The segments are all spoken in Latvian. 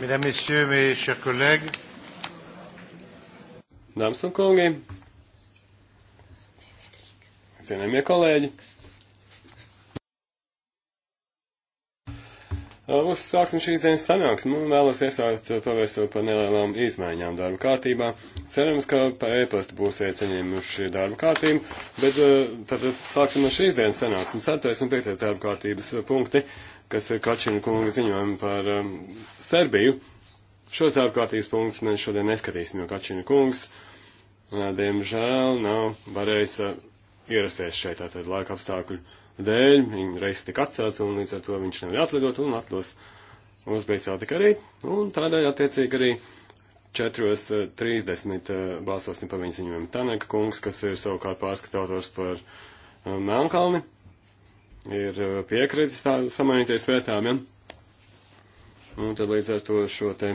Mesdames, Messieurs, mes chers collègues. Dāmas un kungi, cienējamie kolēģi. Uzsāksim uh, šīs dienas sanāksmi un nu, vēlos iesākt uh, pavēstot par nelielām izmaiņām darba kārtībā. Cerams, ka pa ēpastu būsiet saņēmuši darba kārtību, bet uh, tad sāksim no šīs dienas sanāksmi. 4. un 5. darba kārtības punkti, kas ir Kačina kunga ziņojumi par um, Serbiju. Šos darba kārtības punktus mēs šodien neskatīsim, jo Kačina kungs, diemžēl, nav varējis uh, ierasties šeit tātad laika apstākļu dēļ, viņa reizes tika atcelts, un līdz ar to viņš nevar atlidot un atlidos uz Briselu tikai rīt, un tādēļ attiecīgi arī 4.30 eh, eh, balsosim par viņu ziņojumu. Taneka kungs, kas ir savukārt pārskatātors par eh, Melnkalni, ir piekritis tā samainīties vietām, ja? Un tad līdz ar to šo te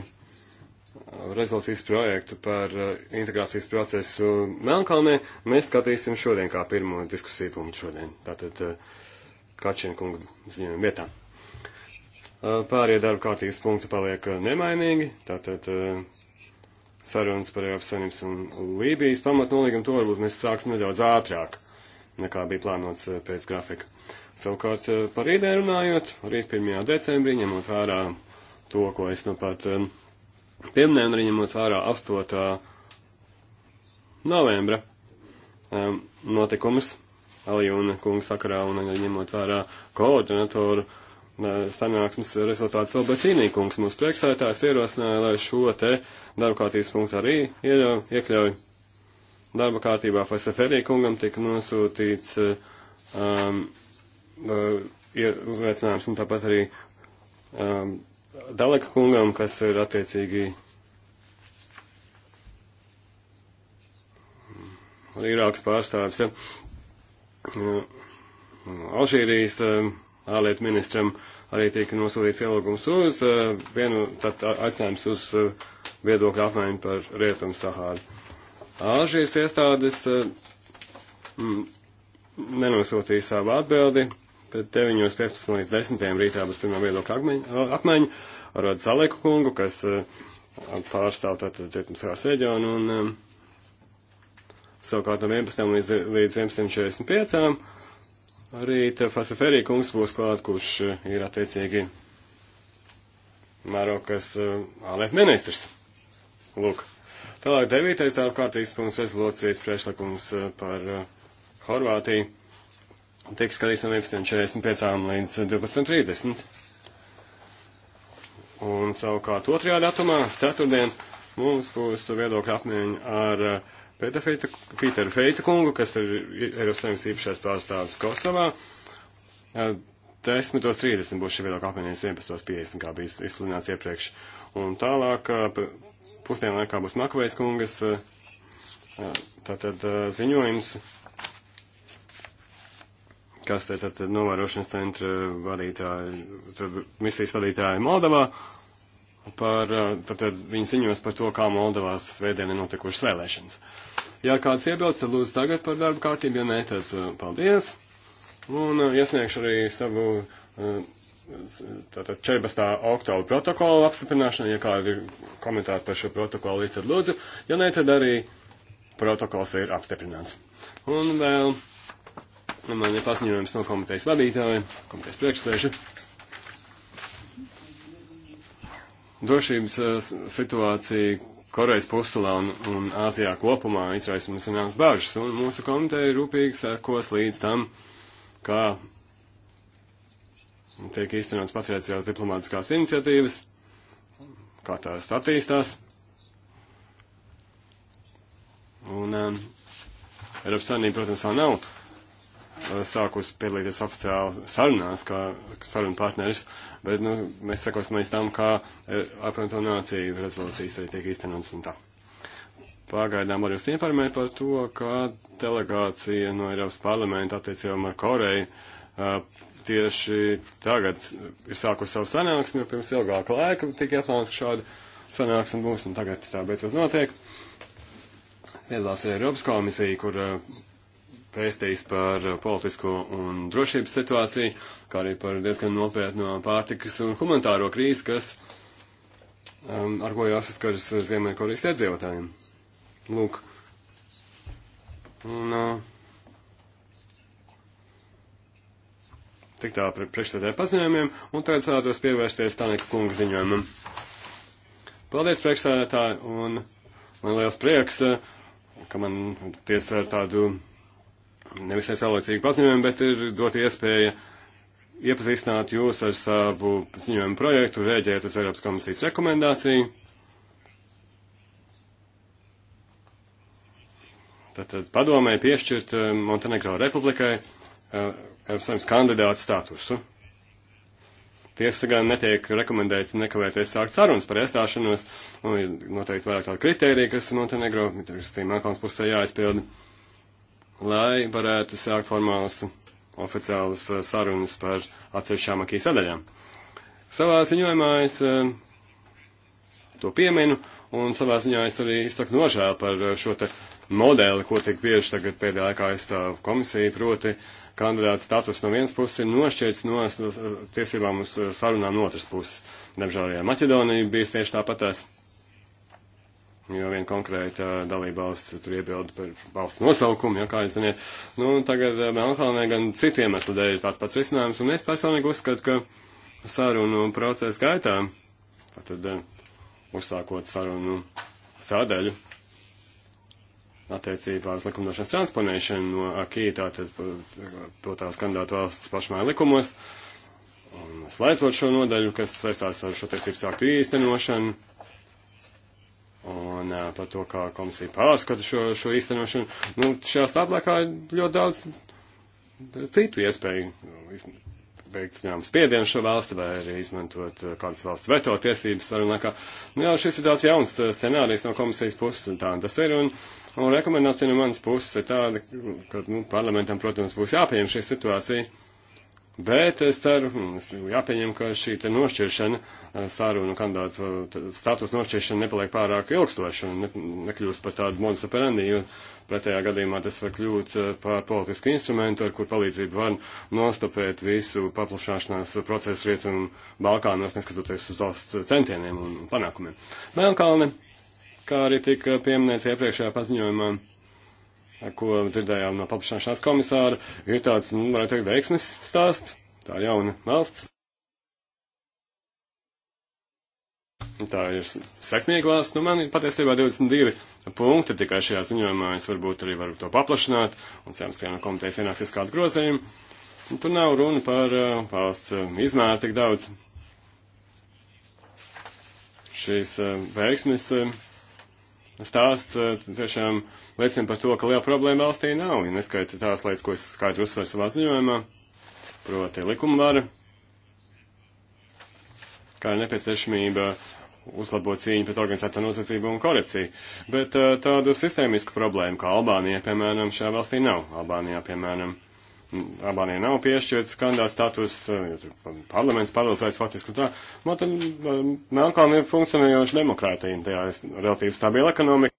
rezolūcijas projektu par uh, integrācijas procesu Melnkalnē mēs skatīsim šodien kā pirmo diskusiju punktu šodien. Tātad uh, Kačina kunga ziņojuma vietā. Uh, pārējie darba kārtības punkti paliek nemainīgi, tātad sarunas par Eiropas Savienības un Lībijas pamatnolīgumu to varbūt mēs sāksim nedaudz ātrāk nekā bija plānots pēc grafika. Savukārt par rītdien runājot, rīt 1. decembrī, ņemot vērā to, ko es nu pat um, pieminē, um, un arī ņemot vērā 8. novembra um, notikumus Alijuna kunga sakarā un ņemot vērā koordinatoru uh, sanāksmes rezultāts vēl, bet cīnīkums mūsu priekšsētājs ierosināja, lai šo te darba kārtības punktu arī iekļauj darba kārtībā. Faseferī kungam tika nosūtīts um, uh, uzveicinājums un tāpat arī um, Daleka kungam, kas ir attiecīgi Irākas pārstāvis, ja. Alžīrijas eh, ārlietu ministram arī tika nosūtīts ielūgums uz eh, vienu, tad aicinājums uz eh, viedokļu apmaiņu par Rietumu Sahāru. Alžīrijas iestādes nenosūtīja savu atbildi, Tad 9.15 līdz 10. rītā būs pirmā viedokļa apmaiņa ar Vadu Salēku kungu, kas e, pārstāv tātad Cietumskrās reģionu, un e, savukārt no 11. līdz, līdz 11.45. Arī Fasa Ferī kungs būs klāt, kurš e, ir attiecīgi Marokas ārlietu ministrs. Lūk. Tālāk devītais tālāk kārtības punkts rezolūcijas priekšlikums par Horvātiju tiek skatīts no 11.45 līdz 12.30. Un savukārt otrajā datumā, ceturtdien, mums būs viedokļa apmaiņa ar eh, Pēteru Feita kungu, kas ir Eiropas Savienības īpašais pārstāvis Kosovā. 10.30 eh, būs šī viedokļa apmaiņa, 11.50, kā bija izsludināts iepriekš. Un tālāk eh, pusdienu laikā būs Makavejs kungas, tātad ziņojums kas te tad novērošanas centra vadītāji, misijas vadītāji Moldavā, par, tad, tad viņi ziņos par to, kā Moldavās svētdien ir notikušas vēlēšanas. Ja kāds iebilst, tad lūdzu tagad par darbu kārtību, ja nē, tad eh, paldies. Un eh, iesniegšu arī savu eh, tātad 14. oktobra protokolu apstiprināšanu, ja kādi ir komentāri par šo protokolu, tad lūdzu, ja nē, tad arī protokols ir apstiprināts. Un vēl. Nu, man ir paziņojums no komitejas vadītāja, komitejas priekšsēža. Drošības eh, situācija Korejas pustulā un, un Āzijā kopumā izraisa mums zināmas bažas, un mūsu komiteja rūpīgi sekos līdz tam, kā tiek īstenots patreizējās diplomātiskās iniciatīvas, kā tās attīstās. Un um, Eiropas Savienība, protams, vēl nav sākus piedalīties oficiāli sarunās, kā sarunu partneris, bet nu, mēs sekosim līdz tam, kā e, apvienoto nāciju rezolūcijas arī tiek īstenotas un tā. Pagaidām arī jūs informēt par to, ka delegācija no Eiropas parlamenta attiecībām ar Koreju e, tieši tagad ir sākusi savu sanāksmi, jo pirms ilgāka laika tika atklāts, ka šāda sanāksme būs, un tagad tā beidzot notiek. Piedalās arī Eiropas komisija, kur e, vēstījis par politisko un drošības situāciju, kā arī par diezgan nopietno pārtikas un humanitāro krīzi, kas, um, ar ko jāsaskaras Ziemeļkorejas iedzīvotājiem. Lūk. Un, uh, tik tā pre priekšstādē paziņojumiem, un tagad vēlētos pievērsties Tanika kunga ziņojumam. Paldies priekšstādētāji, un man liels prieks, uh, ka man tiesa ar tādu nevis ar saulēcīgu paziņojumu, bet ir dot iespēja iepazīstināt jūs ar savu ziņojumu projektu, rēģēt uz Eiropas komisijas rekomendāciju. Tātad padomē piešķirt eh, Montenegro republikai eh, Eiropas Savienības kandidāta statusu. Tiesa gan netiek rekomendēts nekavēties sākt sarunas par iestāšanos, un ir noteikti vairāk tādu kritēriju, kas Montenegro, tas ir Melkons pusē jāizpilda lai varētu sākt formālas oficiālas eh, sarunas par atsevišķām akī sadaļām. Savā ziņojumā es eh, to pieminu, un savā ziņā es arī izsaku nožēlu par eh, šo te modeli, ko tik bieži tagad pēdējā laikā aizstāv komisija, proti kandidāts status no vienas puses ir nošķirts no tiesībām uz sarunām no otras puses. Diemžēl arī Maķedonija bija tieši tāpatās. Es jo vien konkrēta dalībvalsts tur iebilda par valsts nosaukumu, ja kā jūs ziniet. Nu, tagad eh, Melnkalnē gan citu iemeslu dēļ ir tāds pats risinājums, un es personīgi uzskatu, ka sarunu procesa gaitā, tad eh, uzsākot sarunu sādaļu, attiecībā uz likumdošanas transponēšanu no AKI, tātad protās kandidātu valsts pašmāja likumos, un slēdzot šo nodaļu, kas saistās ar šo tiesību sāktu īstenošanu un uh, par to, kā komisija pārskata šo, šo īstenošanu. Nu, šajā stāvlēkā ir ļoti daudz citu iespēju nu, veikt ņēmumu spiedienu šo valsti vai arī izmantot uh, kādas valsts veto tiesības sarunākā. Nu, jā, šis ir tāds jauns scenārijs no komisijas puses, un tā un tas ir. Un, un rekomendācija no manas puses ir tāda, ka nu, parlamentam, protams, būs jāpieņem šī situācija. Bet es ceru, es jāpieņem, ka šī te nošķiršana, eh, sārunu kandidātu eh, status nošķiršana nepaliek pārāk ilgstoša un ne, nekļūst par tādu monsa perendī, jo pretējā gadījumā tas var kļūt eh, par politisku instrumentu, ar kur palīdzību var nostopēt visu paplašāšanās procesu rietumu Balkānos, neskatoties uz valsts centieniem un panākumiem. Melnkalne, kā arī tika pieminēts iepriekšējā paziņojumā, ko dzirdējām no paplašināšanās komisāra, ir tāds, nu, varētu teikt, veiksmes stāsts. Tā ir jauna valsts. Tā ir sekmīga valsts. Nu, man ir patiesībā 22 punkti tikai šajā ziņojumā. Es varbūt arī varu to paplašināt un cerams, ka no komitejas ienāksies kādu grozījumu. Tur nav runa par uh, valsts uh, izmēru tik daudz. Šīs uh, veiksmes. Uh, stāsts eh, tiešām liecina par to, ka liela problēma valstī nav, ja neskaita tās lietas, ko es skaidri uzsveru savā ziņojumā, proti likumvara, kā ir nepieciešamība uzlabot cīņu pret organizēto noziedzību un korupciju. Bet eh, tādu sistēmisku problēmu kā Albānija, piemēram, šajā valstī nav. Albānijā, piemēram, uh, Albānijai nav piešķirts kandidāts status, eh, jo tur parlaments paralizēts faktiski un tā. Man nu, tad um, Melnkalna ir funkcionējoša demokrātija, tajā ir relatīvi stabila ekonomika.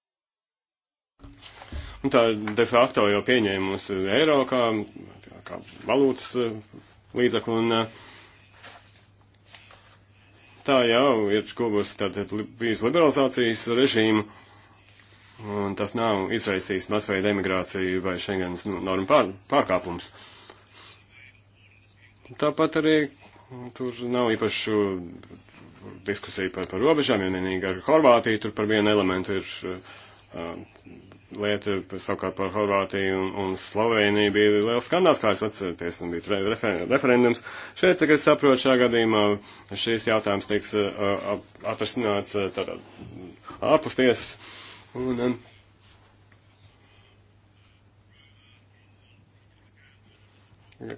Un tā de facto jau pieņēmusi eiro kā, kā valūtas eh, līdzekli un eh, tā jau ir guvusi tātad vīzu liberalizācijas režīmu. Un tas nav izraisījis masveida emigrāciju vai Schengens nu, normu pār, pārkāpums. Tāpat arī tur nav īpašu diskusiju par, par robežām, ja vienīgi ar Horvātiju tur par vienu elementu ir uh, lieta, savukārt par Horvātiju un, un Sloveniju bija liels skandāls, kā es atceros, un bija refer referendums. Šeit, cik es saprotu, šā gadījumā šīs jautājums tiks uh, atrasināts uh, tādā uh, ārpus tiesas Un, um,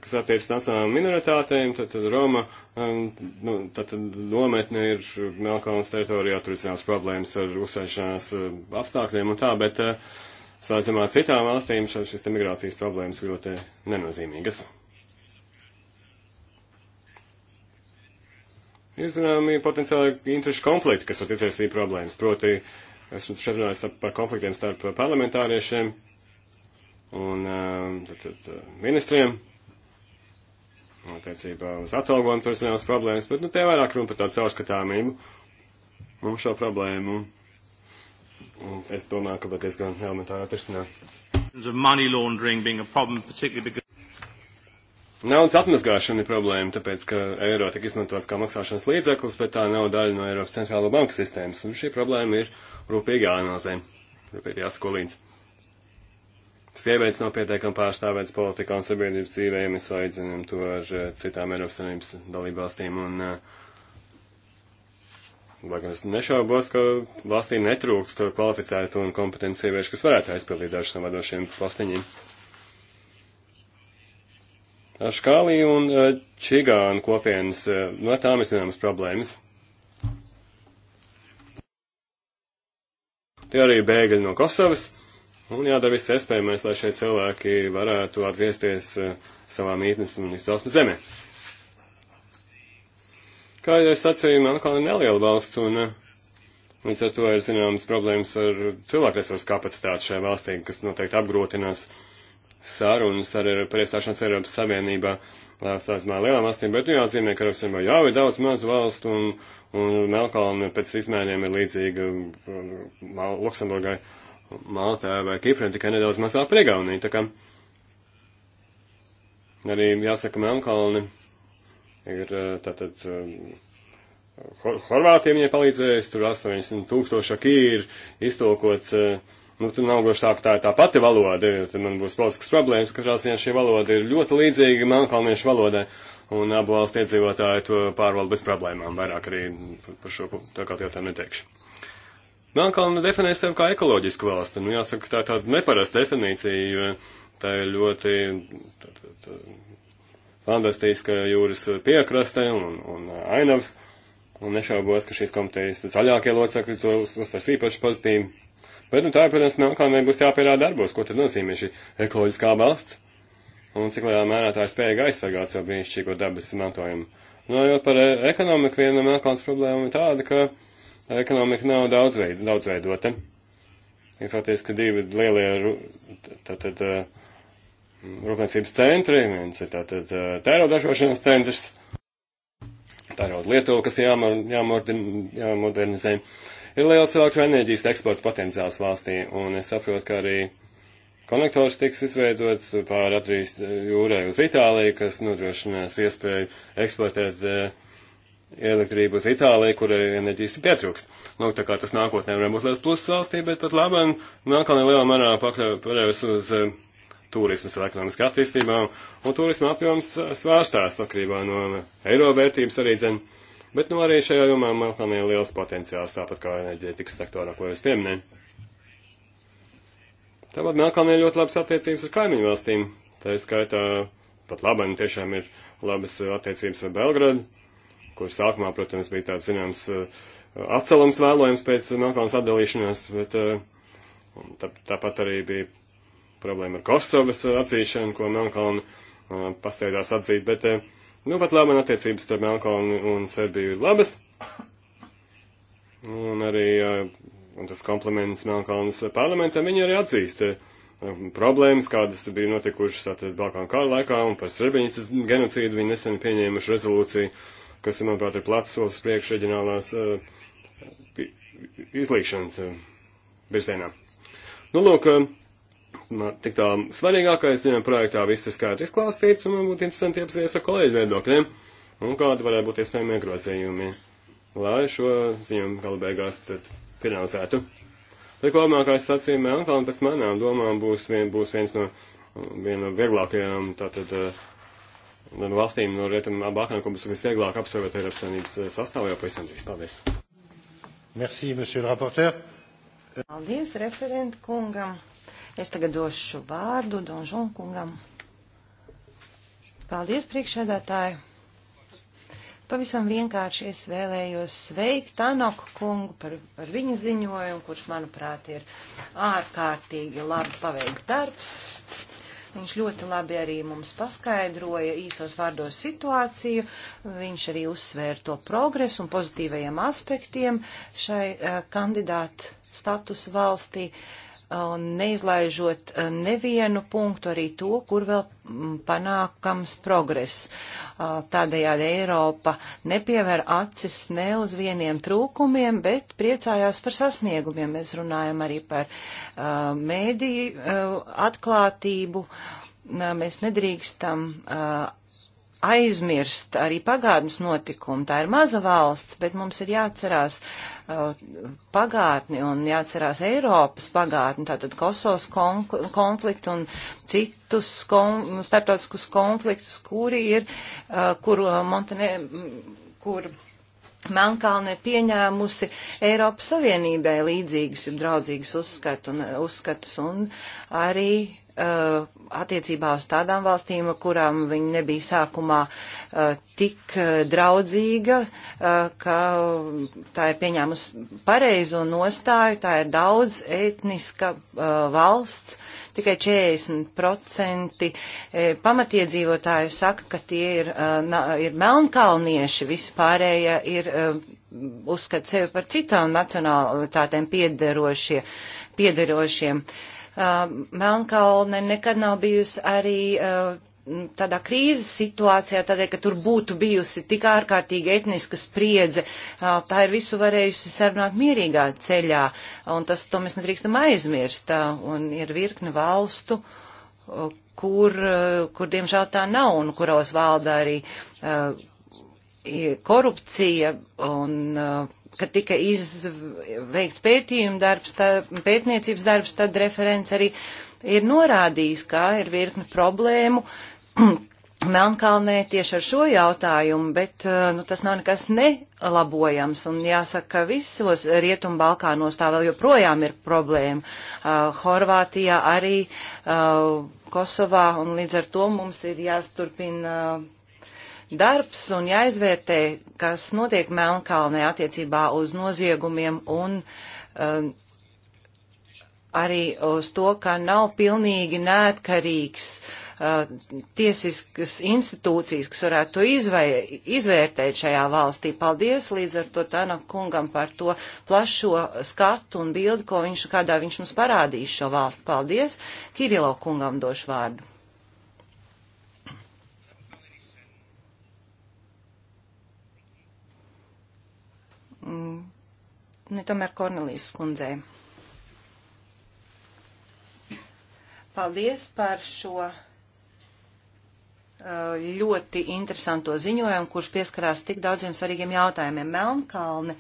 kas attiecas nacionālām minoritātēm, tad, tad Roma, um, nu, tad, tad nometne ir Melkalnas teritorijā, tur izcēlās problēmas ar uzsēšanās uh, um, apstākļiem un tā, bet uh, sācamā citām valstīm šis, šis migrācijas problēmas ļoti nenozīmīgas. Ir zināmi potenciāli interešu konflikti, kas var izraisīt problēmas, proti uh, esmu šeit runājis par konfliktiem starp parlamentāriešiem un um, tad, tad, uh, ministriem attiecībā uz atalgojumu personāls problēmas, bet, nu, te vairāk runa par tādu caurskatāmību un šo problēmu. Un es domāju, ka patiesībā elementāri atrisināt. Money laundering being a problem, particularly because Naudas atmazgāšana ir problēma, tāpēc, ka eiro tika izmantots kā maksāšanas līdzeklis, bet tā nav daļa no Eiropas centrālo banku sistēmas, un šī problēma ir rūpīgi jāanalizē, rūpīgi jāsako līdz. Sievietes nav pietiekami pārstāvētas politikā un sabiedrības dzīvē, ja mēs salīdzinām to ar eh, citām Eiropas Savienības dalībvalstīm, un, eh, lai gan es nešaubos, ka valstīm netrūkst kvalificētu un kompetenci sieviešu, kas varētu aizpildīt dažus no vadošiem postiņiem. Škālī un eh, Čigānu kopienas, eh, no tām ir zināmas problēmas. Tie arī bēgļi no Kosovas, un jādara viss iespējamais, lai šie cilvēki varētu atgriezties eh, savā mītnes un izcelsmes zemē. Kā jau es sacīju, Melkalna ir neliela valsts, un līdz ar to ir zināmas problēmas ar cilvēkresursu kapacitāti šajā valstī, kas noteikti apgrūtinās uh, sarunas ar, par iestāšanos Eiropas Savienībā sākumā lielām valstīm, bet nu jāatzīmē, ka Eiropas Savienībā jau ir daudz mazu valstu un, un Melkalna pēc izmēriem ir līdzīga Luksemburgai, Maltā vai Kipra, tikai nedaudz mazāk Priegaunī. Tā kā arī jāsaka Melkalni ir eh, tātad. Eh, Horvātiem viņa palīdzējis, tur 80 tūkstoši akī ir iztolkots uh, eh, Nu, tur nav gluži tā, ka tā ir tā pati valoda, tad man būs politiskas problēmas, katrā ziņā šī valoda ir ļoti līdzīga melnkalniešu valodai, un abu valstu iedzīvotāji to pārvalda bez problēmām, vairāk arī par šo tā kā jautājumu neteikšu. Melnkalna definē sevi kā ekoloģisku valsti, nu jāsaka, tā ir tāda neparasta definīcija, jo tā ir ļoti tā, tā, tā, fantastiska jūras piekraste un, un ainavs, un nešaubos, ka šīs komitejas zaļākie locekļi to uztvers īpaši pozitīvi. Bet, nu, tā, protams, Melkalnē būs jāpierāda darbos, ko tad nozīmē šī ekoloģiskā valsts un cik lielā mērā tā ir spējīga aizsargāt savu brīnišķīgo dabas mantojumu. Runājot par eh, ekonomiku, viena no Melkalnas problēmām ir tāda, ka ekonomika nav daudzveid, daudzveidota. Ir faktiski divi lielie tātad, eh, rūpniecības centri, viens ir tātad eh, tērauda ražošanas centrs, tērauda Lietuva, kas jāmodernizē. Jāmar, Ir liels elektroenerģijas eksporta potenciāls valstī, un es saprotu, ka arī konektors tiks izveidots pār Latvijas eh, jūrai uz Itāliju, kas nodrošinās iespēju eksportēt eh, elektrību uz Itāliju, kurai enerģijas ir pietrūkst. Nu, tā kā tas nākotnē var būt liels pluss valstī, bet pat labam nākamajā nu, lielā mērā pakļaujas uz eh, turismas vai ekonomiskā attīstībā, un turisma apjoms svārstās atkarībā no eiro vērtības arī dzene. Bet nu, arī šajā jomā, manuprāt, ir liels potenciāls, tāpat kā enerģētikas sektorā, ko jūs pieminējāt. Tāpat Melkām ir ļoti labas attiecības ar kaimiņu valstīm. Tā ir skaitā pat labi, un nu, tiešām ir labas attiecības ar Belgradu, kur sākumā, protams, bija tāds zināms atcelums vēlojums pēc Melkānas atdalīšanās, bet tā, tāpat arī bija problēma ar Kosovas atzīšanu, ko Melkāna pasteidās atzīt, bet Nu, pat labi, man attiecības starp Melkonu un, un Serbiju ir labas. Un arī un tas kompliments Melkonas parlamentam, viņi arī atzīst eh, problēmas, kādas bija notikušas tātad Balkānu kara laikā un par Srebrenicas genocīdu viņi nesen pieņēmuši rezolūciju, kas, manuprāt, ir plats solis priekš reģionālās uh, eh, izlīkšanas uh, eh, virzienā. Nu, lūk, uh, Man tik tā svarīgākais viņam projektā viss ir skaidri izklāstīts, un man būtu interesanti iepazīties ar kolēģi viedokļiem, un kādi varētu būt iespējami iegrozījumi, lai šo ziņu galu beigās tad finansētu. Likumākais sacījuma Melnkalna pēc manām domām būs, vien, būs viens no, viena no vieglākajām, tātad, eh, no valstīm no rietumu Balkānu, ko būs visvieglāk apsvērt Eiropas Savienības eh, sastāvā jau pavisam drīz. Paldies! Merci, monsieur le rapporteur. Paldies referentu kungam. Es tagad došu vārdu Donžon kungam. Paldies, priekšēdētāji! Pavisam vienkārši es vēlējos sveikt Tanoku kungu par, par viņa ziņojumu, kurš, manuprāt, ir ārkārtīgi labi paveikt darbs. Viņš ļoti labi arī mums paskaidroja īsos vārdos situāciju, viņš arī uzsvēra to progresu un pozitīvajiem aspektiem šai uh, eh, kandidātu status valstī. Uh, neizlaižot eh, nevienu punktu arī to, kur vēl mm, panākams progress. Eh, tādējādi Eiropa nepiever acis ne uz vieniem trūkumiem, bet priecājās par sasniegumiem. Mēs runājam arī par eh, mēdīju atklātību. Mēs nedrīkstam aizmirst arī pagātnes notikumu. Tā ir maza valsts, bet mums ir jāatcerās uh, Uh, pagātni un jāatcerās Eiropas pagātni, tātad Kosovas konfliktu un citus kon starptautiskus konfliktus, kuri ir, uh, kur uh, Montenē, mm, kur Melnkalne pieņēmusi Eiropas Savienībai līdzīgus, draudzīgus uzskatu un, uzskatus un arī Uh, attiecībā uz tādām valstīm, kurām viņi nebija sākumā uh, tik uh, draudzīga, ka tā ir pieņēmusi pareizo nostāju, tā ir daudz etniska valsts, tikai 40% e, pamatiedzīvotāju saka, ka tie ir, ir melnkalnieši, vispārējie ir uzskata sevi par citām nacionalitātēm piederošie, piederošiem. Uh, Uh, Melnkalne nekad nav bijusi arī uh, tādā krīzes situācijā, tādēļ, ka tur būtu bijusi tik ārkārtīgi etniska spriedze, uh, tā ir visu varējusi sarunāt mierīgā ceļā, un tas, to mēs nedrīkstam aizmirst, un ir virkne valstu, kur, kur diemžēl tā nav, un kuros valda arī korupcija, un kad tika izveikts pētījuma darbs, tā, pētniecības darbs, tad referents arī ir norādījis, kā ir virkni problēmu Melnkalnē tieši ar šo jautājumu, bet uh, nu, tas nav nekas nelabojams. Un jāsaka, ka visos Rietumu Balkānos tā vēl joprojām ir problēma. Uh, Horvātijā arī, uh, Kosovā, un līdz ar to mums ir jāsturpina uh, darbs un jāizvērtē, kas notiek Melnkalnē attiecībā uz noziegumiem un um, arī uz to, ka nav pilnīgi neatkarīgs uh, tiesiskas institūcijas, kas varētu to izvai, izvērtēt šajā valstī. Paldies līdz ar to Tanam kungam par to plašo skatu un bildi, ko viņš, kādā viņš mums parādīs šo valstu. Paldies. Kirilo kungam došu vārdu. Mm, ne tomēr Kornelijas skundzē. Paldies par šo uh, ļoti interesanto ziņojumu, kurš pieskarās tik daudziem svarīgiem jautājumiem. Melnkalne,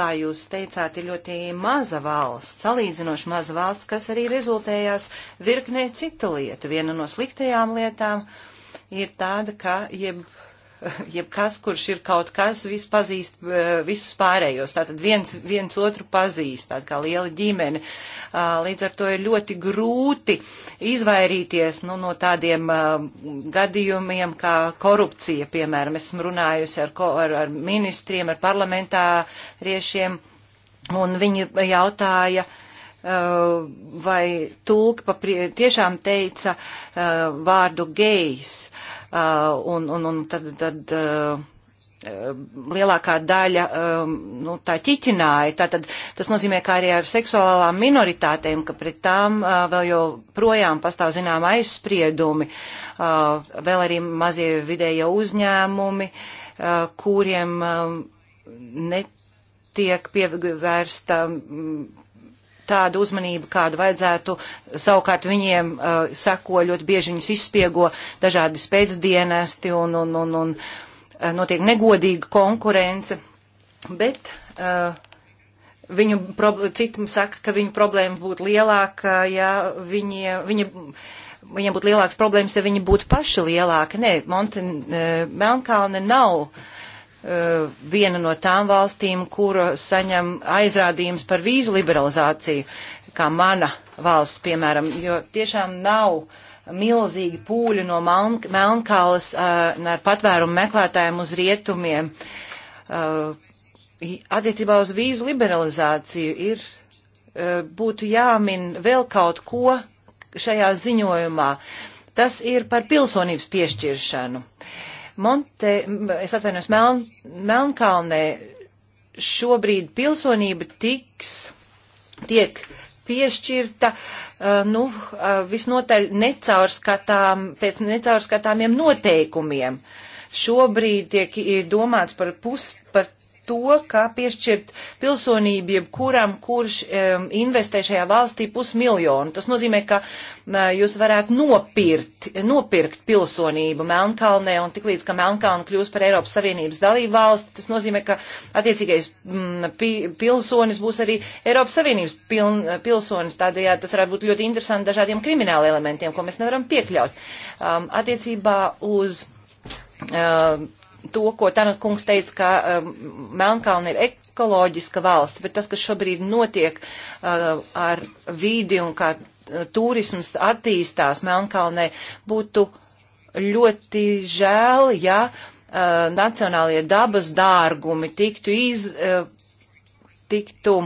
kā jūs teicāt, ir ļoti maza valsts, salīdzinoši maza valsts, kas arī rezultējās virknē citu lietu. Viena no sliktajām lietām ir tāda, ka jeb jebkas, kurš ir kaut kas, viss pazīst eh, visus pārējos. Tātad viens, viens otru pazīst, tāda kā liela ģimene. Ah, līdz ar to ir ļoti grūti izvairīties nu, no tādiem ah, gadījumiem kā korupcija, piemēram. Esmu runājusi ar, ar, ar ministriem, ar parlamentāriešiem, un viņi jautāja, ah, vai tulka tiešām teica vārdu gejs Uh, un, un, un tad, tad uh, lielākā daļa um, nu, tā ķiķināja. Tātad tas nozīmē, ka arī ar seksuālām minoritātēm, ka pret tām uh, vēl joprojām pastāv zinām aizspriedumi, vēl arī mazie vidēja uzņēmumi, kuriem um, netiek pievērsta mm, tādu uzmanību, kādu vajadzētu. Savukārt viņiem uh, sako ļoti bieži viņus izspiego dažādi spēcdienesti un, un, un, un uh, notiek negodīga konkurence. Bet uh, viņu, citi saka, ka viņu problēma būtu lielāka, uh, ja viņi, viņi viņiem būtu lielākas problēmas, ja viņi būtu paši lielāki. Nē, Monte, uh, Melnkalne nav Uh, viena no tām valstīm, kura saņem aizrādījums par vīzu liberalizāciju, kā mana valsts, piemēram, jo tiešām nav milzīgi pūļi no Melnkalas uh, ar patvērumu meklētājiem uz rietumiem. Uh, attiecībā uz vīzu liberalizāciju ir, būtu jāmin vēl kaut ko šajā ziņojumā. Tas ir par pilsonības piešķiršanu. Uh, Monte, es atvainos, Meln, Melnkalnē šobrīd pilsonība tiks, tiek piešķirta, uh, nu, uh, visnotaļ necaurskatām, pēc necaurskatāmiem noteikumiem. Šobrīd tiek domāts par, pus, par to, kā piešķirt pilsonību jebkuram, kurš um, investē šajā valstī pusmiljonu. Tas nozīmē, ka uh, jūs varētu nopirkt, nopirkt pilsonību Melnkalnē, un tiklīdz, ka Melnkalna kļūs par Eiropas Savienības dalību valsti, tas nozīmē, ka attiecīgais mm, pi, pilsonis būs arī Eiropas Savienības piln, pilsonis. Tādējādi tas varētu būt ļoti interesanti dažādiem krimināla elementiem, ko mēs nevaram piekļaut. Um, attiecībā uz. Uh, to, ko Tanaka kungs teica, ka um, Melnkalna ir ekoloģiska valsts, bet tas, kas šobrīd notiek uh, ar vīdi un kā uh, turisms attīstās Melnkalnē, būtu ļoti žēl, ja uh, nacionālie dabas dārgumi tiktu, iz, uh, tiktu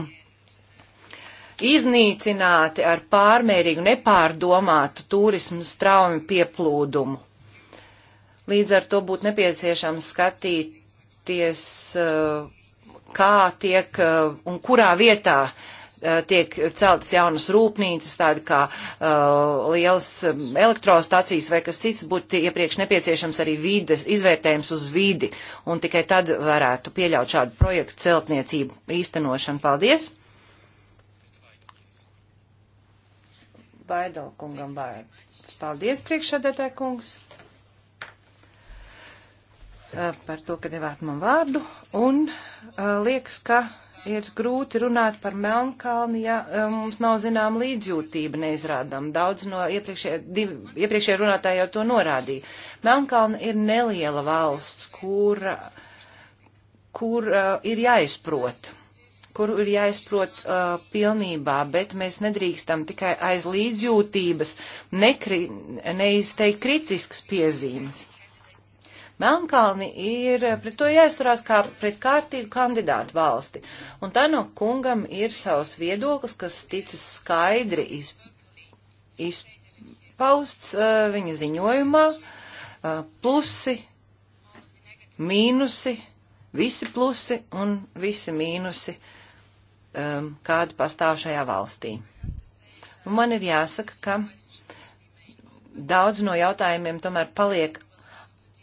iznīcināti ar pārmērīgu nepārdomātu turismu straumi pieplūdumu. Līdz ar to būtu nepieciešams skatīties, eh, kā tiek eh, un kurā vietā eh, tiek celtas jaunas rūpnīcas, tādi kā uh, lielas elektrostacijas vai kas cits, būtu iepriekš nepieciešams arī vides, izvērtējums uz vidi, un tikai tad varētu pieļaut šādu projektu celtniecību īstenošanu. Paldies! Baidal kungam vārds. Paldies, priekšsēdētāj kungs! par to, ka devāt man vārdu. Un liekas, ka ir grūti runāt par Melnkalni, ja mums nav zinām līdzjūtība neizrādām. Daudz no iepriekšējā runātāja jau to norādīja. Melnkalna ir neliela valsts, kur, kur uh, ir jāizprot kuru ir jāizprot uh, pilnībā, bet mēs nedrīkstam tikai aiz līdzjūtības nekri, neizteikt kritiskas piezīmes. Melnkalni ir eh, pret to jāizturās kā pret kārtīgu kandidātu valsti. Un Tano kungam ir savs viedoklis, kas ticis skaidri iz, izpausts uh, viņa ziņojumā. Uh, plusi, mīnusi, visi plusi un visi mīnusi, um, kādi pastāv šajā valstī. Un man ir jāsaka, ka daudz no jautājumiem tomēr paliek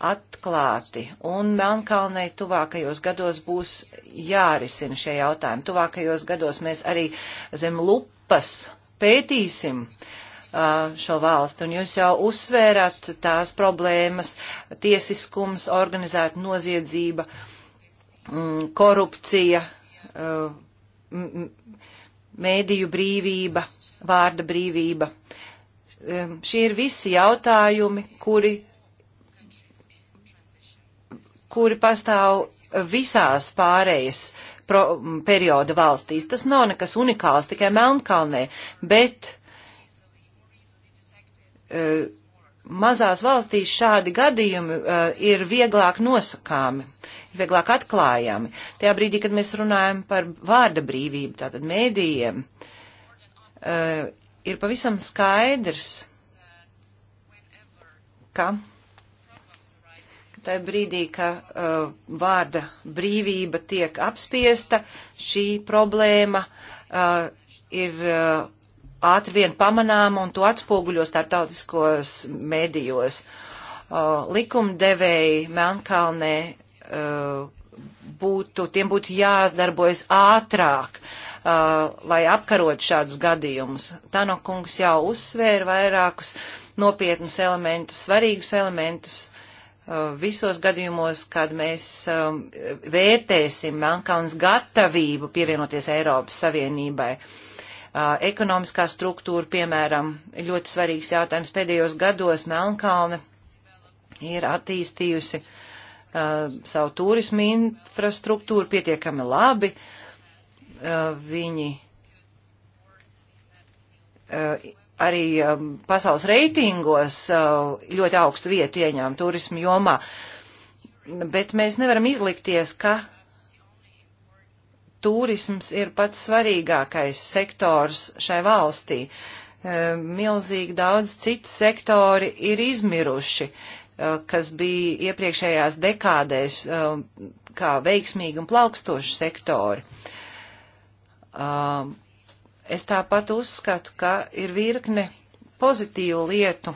atklāti, un Melnkalnei tuvākajos gados būs jārisina šie jautājumi. Tuvākajos gados mēs arī zem lupas pētīsim uh, šo valstu, un jūs jau uzsvērat tās problēmas, tiesiskums, organizēta noziedzība, mm, korupcija, uh, mēdīju brīvība, vārda brīvība. Um, šie ir visi jautājumi, kuri kuri pastāv visās pārējas pro, perioda valstīs. Tas nav nekas unikāls tikai Melnkalnē, bet uh, mazās valstīs šādi gadījumi uh, ir vieglāk nosakāmi, ir vieglāk atklājami. Tajā brīdī, kad mēs runājam par vārda brīvību, tātad mēdījiem, uh, ir pavisam skaidrs, ka. Tajā brīdī, ka uh, vārda brīvība tiek apspiesta, šī problēma uh, ir uh, ātri vien pamanāma un to atspoguļo starptautiskos medijos. Uh, likumdevēji Melnkalnē uh, būtu, tiem būtu jādarbojas ātrāk, uh, lai apkarot šādus gadījumus. Tanokungs jau uzsvēra vairākus nopietnus elementus, svarīgus elementus, Uh, visos gadījumos, kad mēs um, vērtēsim Melnkaunas gatavību pievienoties Eiropas Savienībai. Uh, ekonomiskā struktūra, piemēram, ļoti svarīgs jautājums. Pēdējos gados Melnkalne ir attīstījusi uh, savu turismu infrastruktūru pietiekami labi. Viņi arī um, pasaules reitingos uh, ļoti augstu vietu ieņēma turismu jomā. Bet mēs nevaram izlikties, ka turisms ir pats svarīgākais sektors šai valstī. Uh, milzīgi daudz citu sektori ir izmiruši, uh, kas bija iepriekšējās dekādēs uh, kā veiksmīgi un plaukstoši sektori. Uh, Es tāpat uzskatu, ka ir virkne pozitīvu lietu,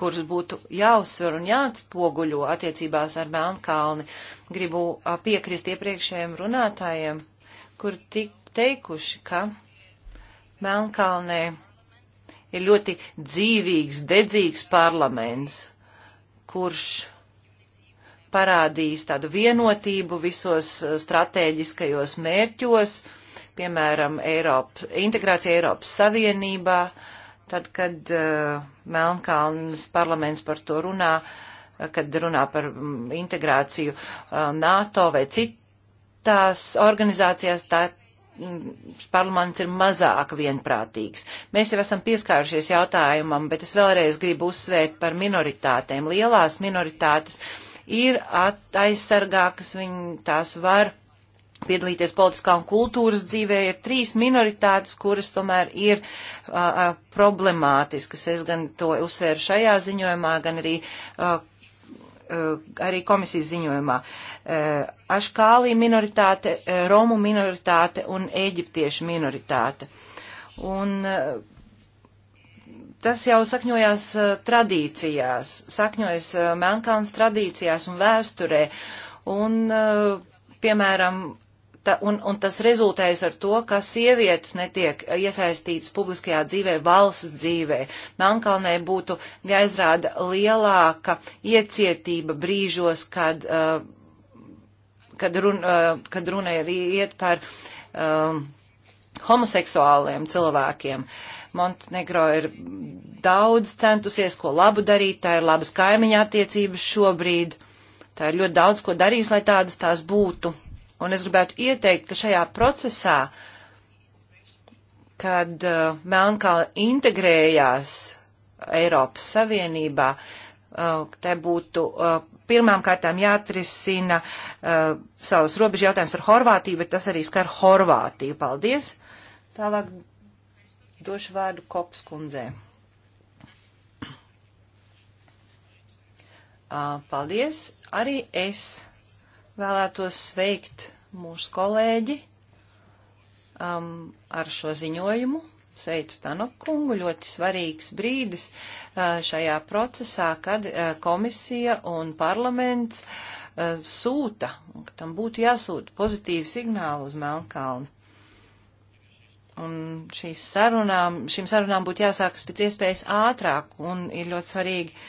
kuras būtu jāuzsver un jāatspoguļo attiecībās ar Melnkalni. Gribu piekrist iepriekšējiem runātājiem, kur tik teikuši, ka Melnkalnē ir ļoti dzīvīgs, dedzīgs parlaments, kurš parādīs tādu vienotību visos strateģiskajos mērķos, uh, piemēram, Eiropa, integrācija Eiropas Savienībā, tad, kad uh, Melnkalnes parlaments par to runā, uh, kad runā par mm, integrāciju uh, NATO vai citās organizācijās, tā mm, parlaments ir mazāk vienprātīgs. Mēs jau esam pieskārušies jautājumam, bet es vēlreiz gribu uzsvērt par minoritātēm. Lielās minoritātes ir aizsargākas, viņas tās var piedalīties politiskā un kultūras dzīvē, ir trīs minoritātes, kuras tomēr ir uh, problemātiskas. Es gan to uzsvēru šajā ziņojumā, gan arī. Uh, uh arī komisijas ziņojumā. Uh, Aškālī minoritāte, uh, Romu minoritāte un Eģiptiešu minoritāte. Un e, tas jau sakņojās tradīcijās, sakņojas Melnkalns tradīcijās un vēsturē. Un piemēram, ta, un, un tas rezultējas ar to, ka sievietes netiek iesaistītas publiskajā dzīvē, valsts dzīvē. Melnkalnē būtu jāizrāda lielāka iecietība brīžos, kad, uh, kad, run, uh, kad runa ir iet par uh, homoseksuāliem cilvēkiem. Montenegro ir daudz centusies, ko labu darīt, tā ir labas kaimiņa attiecības šobrīd. Tā ir ļoti daudz, ko darījusi, lai tādas tās būtu Un es gribētu ieteikt, ka šajā procesā, kad uh, Melnkalna integrējās Eiropas Savienībā, uh, te būtu uh, pirmām kārtām jāatrisina uh, savas robežu jautājums ar Horvātiju, bet tas arī skar Horvātiju. Paldies! Tālāk došu vārdu Kops kundzē. Uh, paldies! Arī es vēlētos sveikt mūsu kolēģi um, ar šo ziņojumu. Sveicu Tanokungu, ļoti svarīgs brīdis uh, šajā procesā, kad uh, komisija un parlaments uh, sūta, ka tam būtu jāsūta pozitīvi signāli uz Melnkalni. Un šīs sarunām, šīm sarunām būtu jāsākas pēc iespējas ātrāk un ir ļoti svarīgi uh,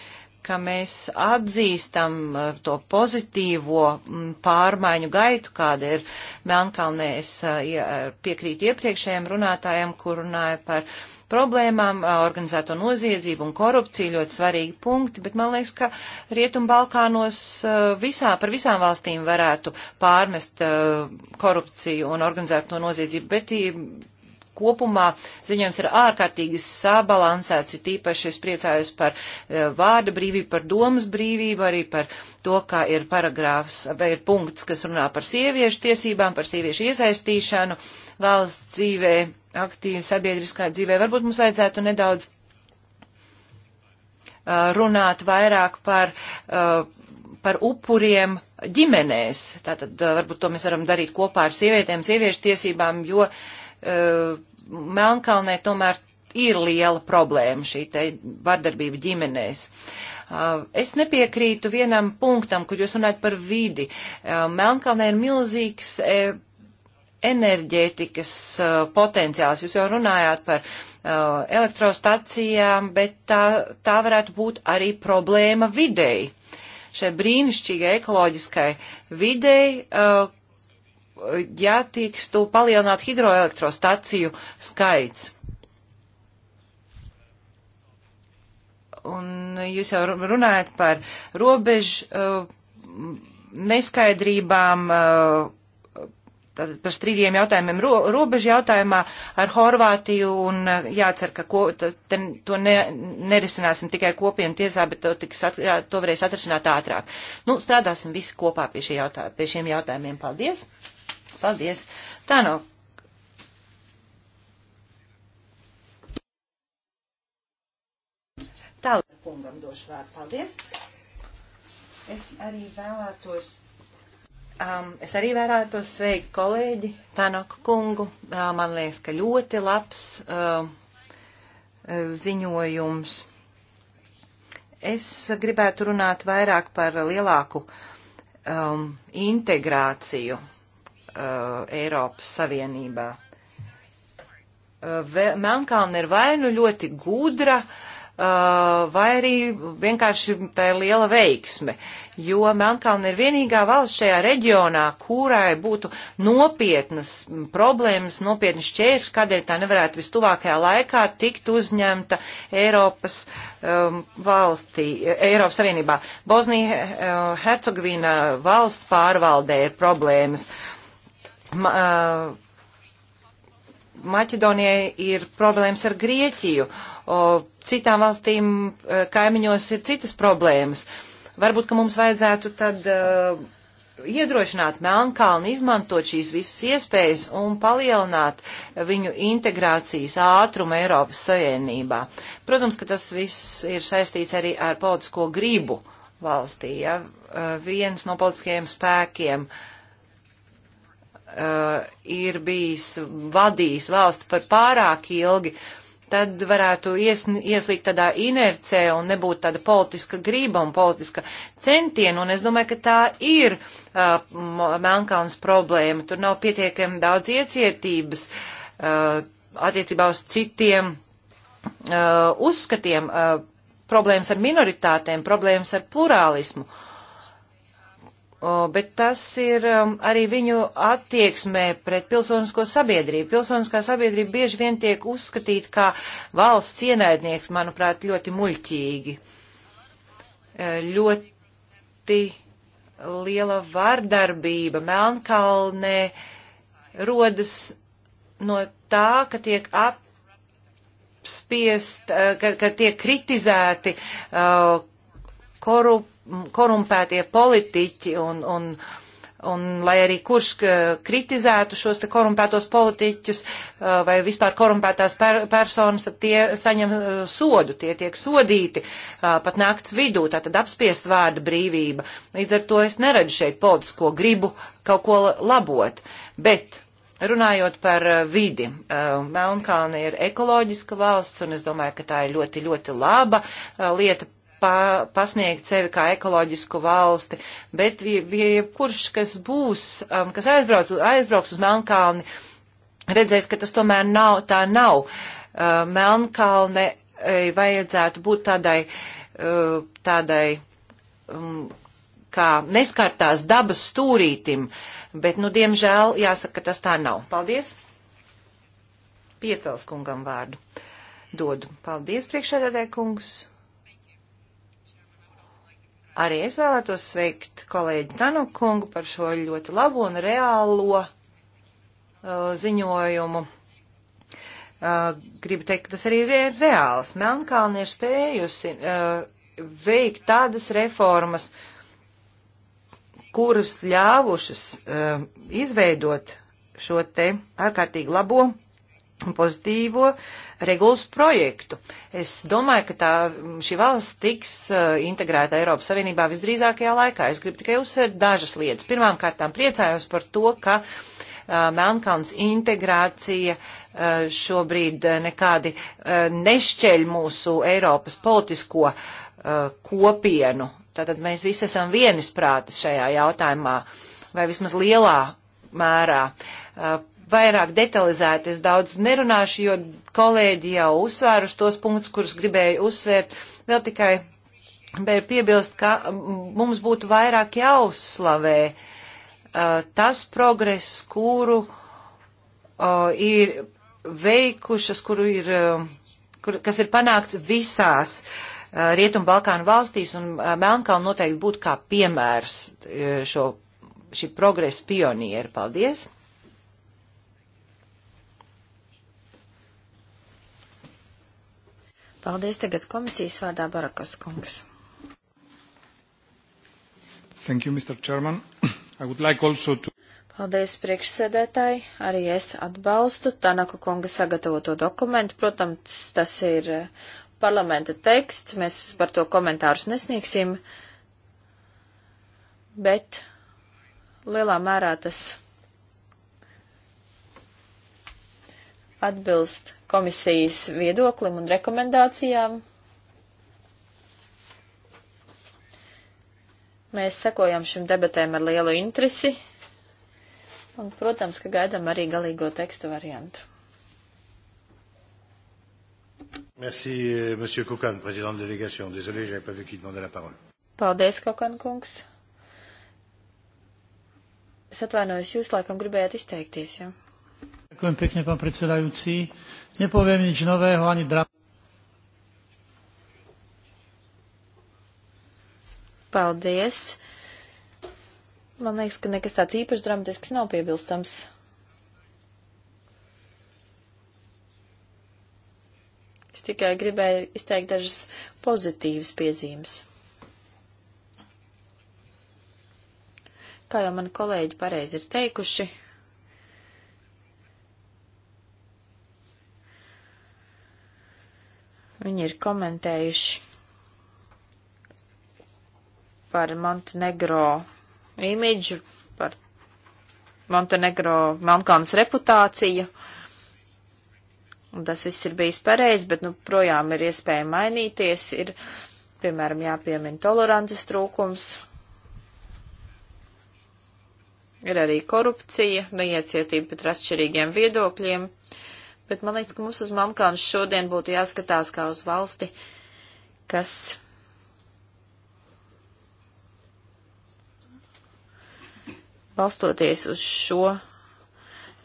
ka mēs atzīstam uh, to pozitīvo mm, pārmaiņu gaitu, kāda ir Melnkalnē. Es uh, uh, piekrītu iepriekšējiem runātājiem, kur runāja par problēmām, organizēto noziedzību un korupciju, ļoti svarīgi punkti, bet man liekas, ka Rietumbalkānos visā, par visām valstīm varētu pārmest korupciju un organizēto noziedzību, bet kopumā ziņojums ir ārkārtīgi sabalansēts, it īpaši es priecājos par eh, vārda brīvību, par domas brīvību, arī par to, kā ir paragrāfs vai ir punkts, kas runā par sieviešu tiesībām, par sieviešu iesaistīšanu valsts dzīvē, aktīvi sabiedriskā dzīvē. Varbūt mums vajadzētu nedaudz eh, runāt vairāk par, eh, par upuriem ģimenēs. Tātad varbūt to mēs varam darīt kopā ar sievietēm, sieviešu tiesībām, jo uh, Eh, Melnkalnē tomēr ir liela problēma šī te vardarbība ģimenēs. Eh, es nepiekrītu vienam punktam, kur jūs runājat par vidi. Eh, Melnkalnē ir milzīgs enerģētikas potenciāls. Jūs jau runājāt par elektrostacijām, bet tā, tā varētu būt arī problēma videi. Šai brīnišķīgai ekoloģiskai videi, ja tiks tu palielināt hidroelektrostaciju skaits. Un jūs jau runājat par robežu uh, neskaidrībām, tātad uh, par strīdiem jautājumiem ro, robežu jautājumā ar Horvātiju un uh, jācer, ka ko, te, to ne, nerisināsim tikai kopienu tiesā, bet to, tiks, at, jā, to varēs atrasināt ātrāk. Nu, strādāsim visi kopā pie, šī jautā, pie šiem jautājumiem. Paldies! Paldies! Tā no. Tālāk kungam došu vārdu. Paldies! Es arī vēlētos. Um, es arī vēlētos sveikt kolēģi Tanoku kungu. Uh, man liekas, ka ļoti labs uh, ziņojums. Es gribētu runāt vairāk par lielāku um, integrāciju uh, Eiropas Savienībā. Uh, Melnkalna ir vai nu ļoti gudra, uh, vai arī vienkārši tā ir liela veiksme, jo Melnkalna ir vienīgā valsts šajā reģionā, kurai būtu nopietnas problēmas, nopietnas šķēršļi, kādēļ tā nevarētu vistuvākajā laikā tikt uzņemta Eiropas um, valstī, Eiropas Savienībā. Bosnija-Hercegovina uh, valsts pārvaldē ir problēmas. Uh, Ma, Maķedonijai ir problēmas ar Grieķiju, o citām valstīm kaimiņos ir citas problēmas. Varbūt, ka mums vajadzētu tad uh, iedrošināt Melnkalni, izmantot šīs visas iespējas un palielināt viņu integrācijas ātrumu Eiropas Savienībā. Protams, ka tas viss ir saistīts arī ar politisko gribu valstī. Ja? Viens no politiskajiem spēkiem uh, uh, ir bijis vadījis valsti par pārāk ilgi, tad varētu iesn, ieslīgt tādā inercē un nebūt tāda politiska grība un politiska centiena, un es domāju, ka tā ir uh, Melnkalnas problēma. Tur nav pietiekami daudz iecietības uh, attiecībā uz citiem uh, uzskatiem, uh, problēmas ar minoritātēm, problēmas ar plurālismu. Uh, bet tas ir um, arī viņu attieksmē pret pilsonisko sabiedrību. Pilsoniskā sabiedrība bieži vien tiek uzskatīta kā valsts ienaidnieks, manuprāt, ļoti muļķīgi. E, ļoti liela vardarbība Melnkalnē rodas no tā, ka tiek apspiest, e, ka, ka tiek kritizēti e, korup korumpētie politiķi un, un, un lai arī kurš kritizētu šos te korumpētos politiķus vai vispār korumpētās per, personas, tad tie saņem sodu, tie tiek sodīti pat nakts vidū, tātad apspiest vārda brīvība. Līdz ar to es neredzu šeit politisko gribu kaut ko labot, bet Runājot par vidi, Melnkalna ir ekoloģiska valsts, un es domāju, ka tā ir ļoti, ļoti laba lieta pa, pasniegt sevi kā ekoloģisku valsti, bet jebkurš, kas būs, um, kas aizbrauc, aizbrauks uz Melnkalni, redzēs, ka tas tomēr nav, tā nav. Uh, Melnkalne uh, vajadzētu būt tādai, uh, tādai, um, kā neskartās dabas stūrītim, bet, nu, diemžēl, jāsaka, ka tas tā nav. Paldies! Pietels kungam vārdu dodu. Paldies, priekšsēdētāj kungs! Arī es vēlētos sveikt kolēģi Tanukungu par šo ļoti labo un reālo uh, ziņojumu. Uh, gribu teikt, ka tas arī ir reāls. Melnkalni ir spējusi uh, veikt tādas reformas, kuras ļāvušas uh, izveidot šo te ārkārtīgi labo pozitīvo regulas projektu. Es domāju, ka tā, šī valsts tiks uh, integrēta Eiropas Savienībā visdrīzākajā laikā. Es gribu tikai uzsvērt dažas lietas. Pirmām kārtām priecājos par to, ka uh, Melnkalns integrācija uh, šobrīd uh, nekādi uh, nešķeļ mūsu Eiropas politisko kopienu. Tātad mēs visi esam vienisprātis šajā jautājumā, vai vismaz lielā mērā vairāk detalizēti es daudz nerunāšu, jo kolēģi jau uzsvēruši tos punktus, kurus gribēju uzsvērt. Vēl tikai piebilst, ka mums būtu vairāk jāuzslavē uh, tas progress, kuru uh, ir veikušas, kuru ir, uh, kur, kas ir panākts visās Rietumbalkānu valstīs, un Melnkalna noteikti būtu kā piemērs šo, šī progresa pionieri. Paldies! Paldies tagad komisijas vārdā Barakas kungs. Thank you, Mr. Chairman. I would like also to. Paldies priekšsēdētāji. Arī es atbalstu Tanaka kunga sagatavoto dokumentu. Protams, tas ir eh, parlamenta teksts. Mēs par to komentārus nesniegsim. Bet lielā mērā tas atbilst komisijas viedoklim un rekomendācijām. Mēs sekojam šim debatēm ar lielu interesi un, protams, ka gaidām arī galīgo teksta variantu. Merci, Monsieur Kukan, président de délégation. Désolé, j'avais pas vu qui demandait la parole. Paldies, Kukan kungs. Es atvainojos, jūs laikam gribējāt izteikties, jā? Ja? Ďakujem pekne, pán predsedajúci. Nepoviem nič nového ani dra... Paldies. Man liekas, ka nekas tāds īpaši dramatisks nav piebilstams. Es tikai gribēju izteikt dažas pozitīvas piezīmes. Kā jau mani kolēģi pareizi ir teikuši, Viņi ir komentējuši par Montenegro imidžu, par Montenegro Melnkalnas reputāciju. Un tas viss ir bijis pareizi, bet, nu, projām ir iespēja mainīties, ir, piemēram, jāpiemina tolerances trūkums, ir arī korupcija, neiecietība pret atšķirīgiem viedokļiem. Uh, bet man liekas, ka mums uz Melnkalnu šodien būtu jāskatās kā uz valsti, kas. Balstoties uz šo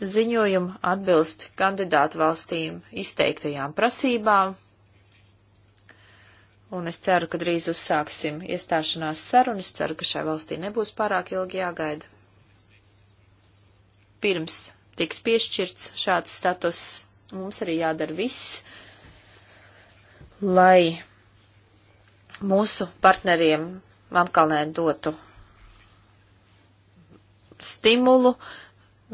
ziņojumu atbilst kandidātu valstīm izteiktajām prasībām, un es ceru, ka drīz uzsāksim iestāšanās sarunas, ceru, ka šai valstī nebūs pārāk ilgi jāgaida. Pirms tiks piešķirts šāds status mums arī jādara viss, lai mūsu partneriem Vankalnē dotu stimulu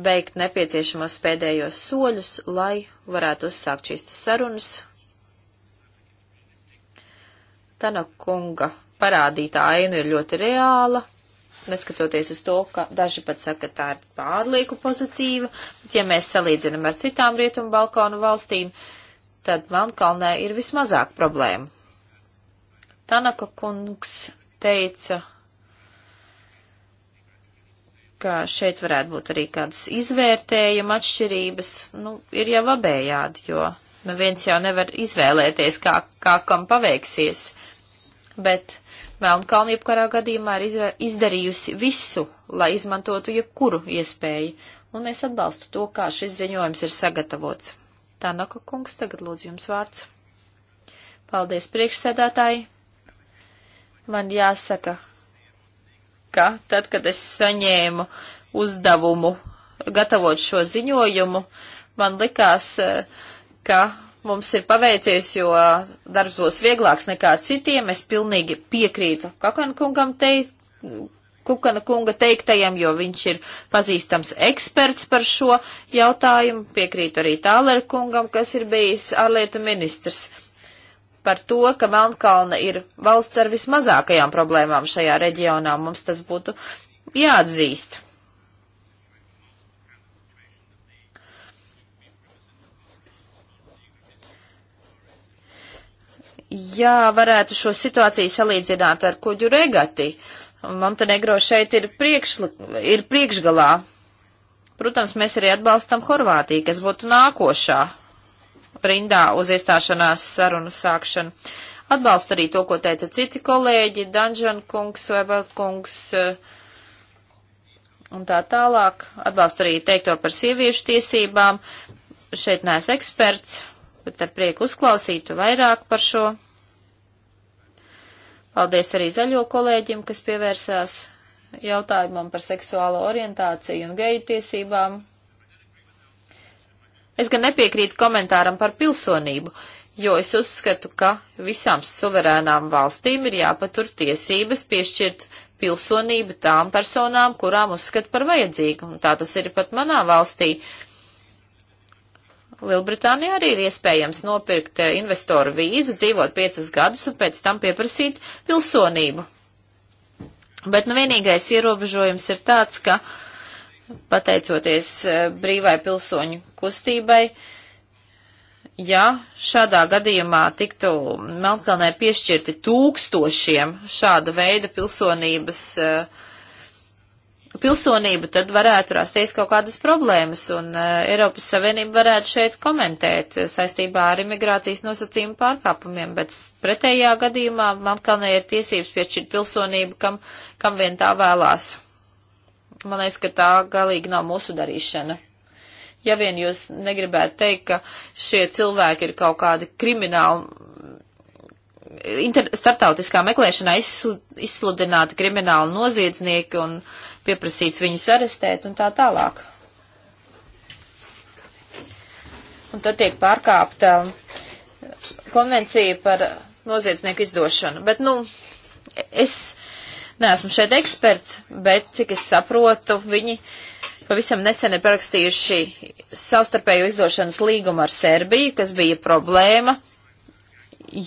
veikt nepieciešamos pēdējos soļus, lai varētu uzsākt šīs sarunas. Tana kunga parādītā aina ir ļoti reāla neskatoties uz to, ka daži pat saka, ka tā ir pārlieku pozitīva, bet ja mēs salīdzinām ar citām Rietumu Balkānu valstīm, tad Melnkalnē ir vismazāk problēma. Tanaka kungs teica, ka šeit varētu būt arī kādas izvērtējuma atšķirības, nu, ir jau abējādi, jo nu, viens jau nevar izvēlēties, kā, kā kam paveiksies, bet Melnkalni jebkurā gadījumā ir izdarījusi visu, lai izmantotu jebkuru iespēju, un es atbalstu to, kā šis ziņojums ir sagatavots. Tanaka kungs, tagad lūdzu jums vārds. Paldies priekšsēdētāji. Man jāsaka, ka tad, kad es saņēmu uzdevumu gatavot šo ziņojumu, man likās, eh, ka mums ir paveicies, jo darbs būs vieglāks nekā citiem. Es pilnīgi piekrītu Kakana kungam teikt. Kukana kunga teiktajam, jo viņš ir pazīstams eksperts par šo jautājumu. Piekrītu arī Tāler kungam, kas ir bijis ārlietu ministrs par to, ka Melnkalna ir valsts ar vismazākajām problēmām šajā reģionā. Mums tas būtu jāatzīst. jā, varētu šo situāciju salīdzināt ar kuģu regati. Montenegro šeit ir, priekšla, ir priekšgalā. Protams, mēs arī atbalstam Horvātiju, kas būtu nākošā rindā uz iestāšanās sarunu sākšanu. Atbalstu arī to, ko teica citi kolēģi, Danžan kungs, Webel kungs eh, un tā tālāk. Atbalstu arī teikto par sieviešu tiesībām. Šeit neesmu eksperts, bet ar prieku uzklausītu vairāk par šo. Paldies arī zaļo kolēģim, kas pievērsās jautājumam par seksuālo orientāciju un geju tiesībām. Es gan nepiekrītu komentāram par pilsonību, jo es uzskatu, ka visām suverēnām valstīm ir jāpatur tiesības piešķirt pilsonību tām personām, kurām uzskat par vajadzīgu, un tā tas ir pat manā valstī. Uh, Lielbritānijā arī ir iespējams nopirkt eh, investoru vīzu, dzīvot piecus gadus un pēc tam pieprasīt pilsonību. Bet nu vienīgais ierobežojums ir tāds, ka pateicoties eh, brīvai pilsoņu kustībai, ja šādā gadījumā tiktu Melkalnē piešķirti tūkstošiem šāda veida pilsonības uh, pilsonību, tad varētu rasties kaut kādas problēmas, un eh, Eiropas Savienība varētu šeit komentēt saistībā ar imigrācijas nosacījumu pārkāpumiem, bet pretējā gadījumā Mankalnē ir tiesības piešķirt pilsonību, kam, kam vien tā vēlās. Man liekas, ka tā galīgi nav mūsu darīšana. Ja vien jūs negribētu teikt, ka šie cilvēki ir kaut kādi krimināli inter, starptautiskā meklēšanā izsludināti krimināli noziedznieki un uh, pieprasīts viņus arestēt un tā tālāk. Un tad tiek pārkāpta konvencija par noziedznieku izdošanu. Bet, nu, es neesmu šeit eksperts, bet, cik es saprotu, viņi pavisam nesen ir parakstījuši savstarpēju izdošanas līgumu ar Serbiju, kas bija problēma,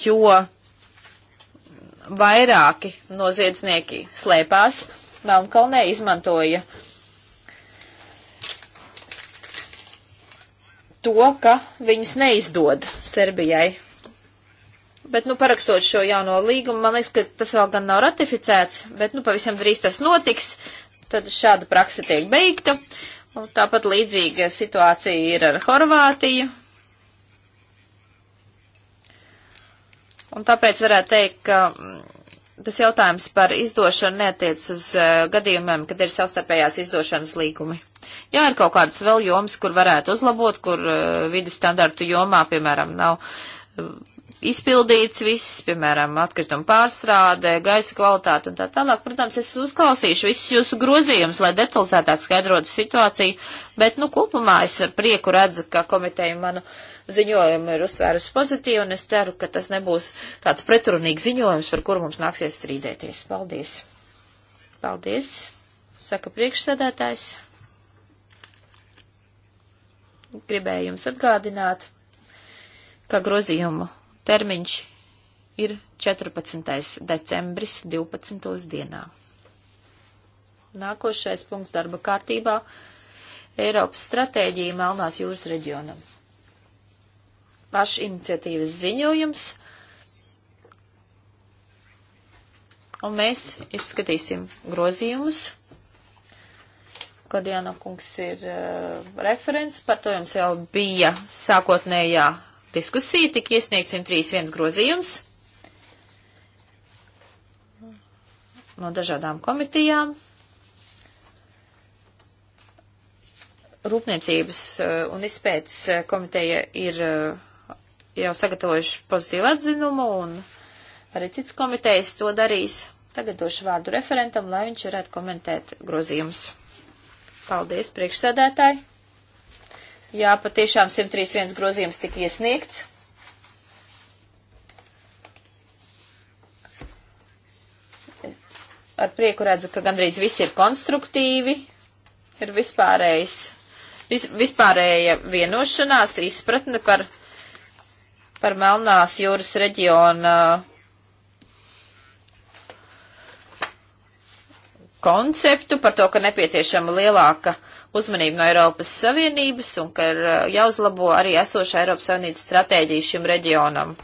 jo vairāki noziedznieki slēpās Melnkalnē izmantoja to, ka viņus neizdod Serbijai. Bet, nu, parakstot šo jauno līgumu, man liekas, ka tas vēl gan nav ratificēts, bet, nu, pavisam drīz tas notiks, tad šāda praksa tiek beigta. Un tāpat līdzīga situācija ir ar Horvātiju. Un tāpēc varētu teikt, ka mm, tas jautājums par izdošanu netiec uz uh, gadījumiem, kad ir savstarpējās izdošanas līgumi. Jā, ir kaut kādas vēl jomas, kur varētu uzlabot, kur uh, vidas standartu jomā, piemēram, nav uh, izpildīts viss, piemēram, atkrituma pārstrāde, gaisa kvalitāte un tā tālāk. Protams, es uzklausīšu visus jūsu grozījumus, lai detalizētāk skaidrotu situāciju, bet, nu, kopumā es ar prieku redzu, ka komiteja manu. Uh, ziņojumu ir uztvērusi pozitīvi, un es ceru, ka tas nebūs tāds pretrunīgs ziņojums, par kuru mums nāksies strīdēties. Paldies! Paldies! Saka priekšsēdētājs. Gribēju jums atgādināt, ka grozījumu termiņš ir 14. decembris 12. dienā. Nākošais punkts darba kārtībā - Eiropas stratēģija Melnās jūras reģionam pašiniciatīvas ziņojums, un mēs izskatīsim grozījumus. Kordiano kungs ir uh, referents, par to jums jau bija sākotnējā diskusija, tik iesniegts 131 grozījums no dažādām komitijām. Rūpniecības uh, un izpētes uh, komiteja ir uh, jau sagatavojuši pozitīvu atzinumu un arī cits komitejas to darīs. Tagad došu vārdu referentam, lai viņš varētu komentēt grozījumus. Paldies, priekšsēdētāji! Jā, patiešām 131 grozījums tika iesniegts. Ar prieku redzu, ka gandrīz visi ir konstruktīvi, ir vispārējais, vis, vispārēja vienošanās, izpratne par par Melnās jūras reģiona konceptu, par to, ka nepieciešama lielāka uzmanība no Eiropas Savienības un ka ir eh, jāuzlabo arī esoša Eiropas Savienības stratēģija šim reģionam.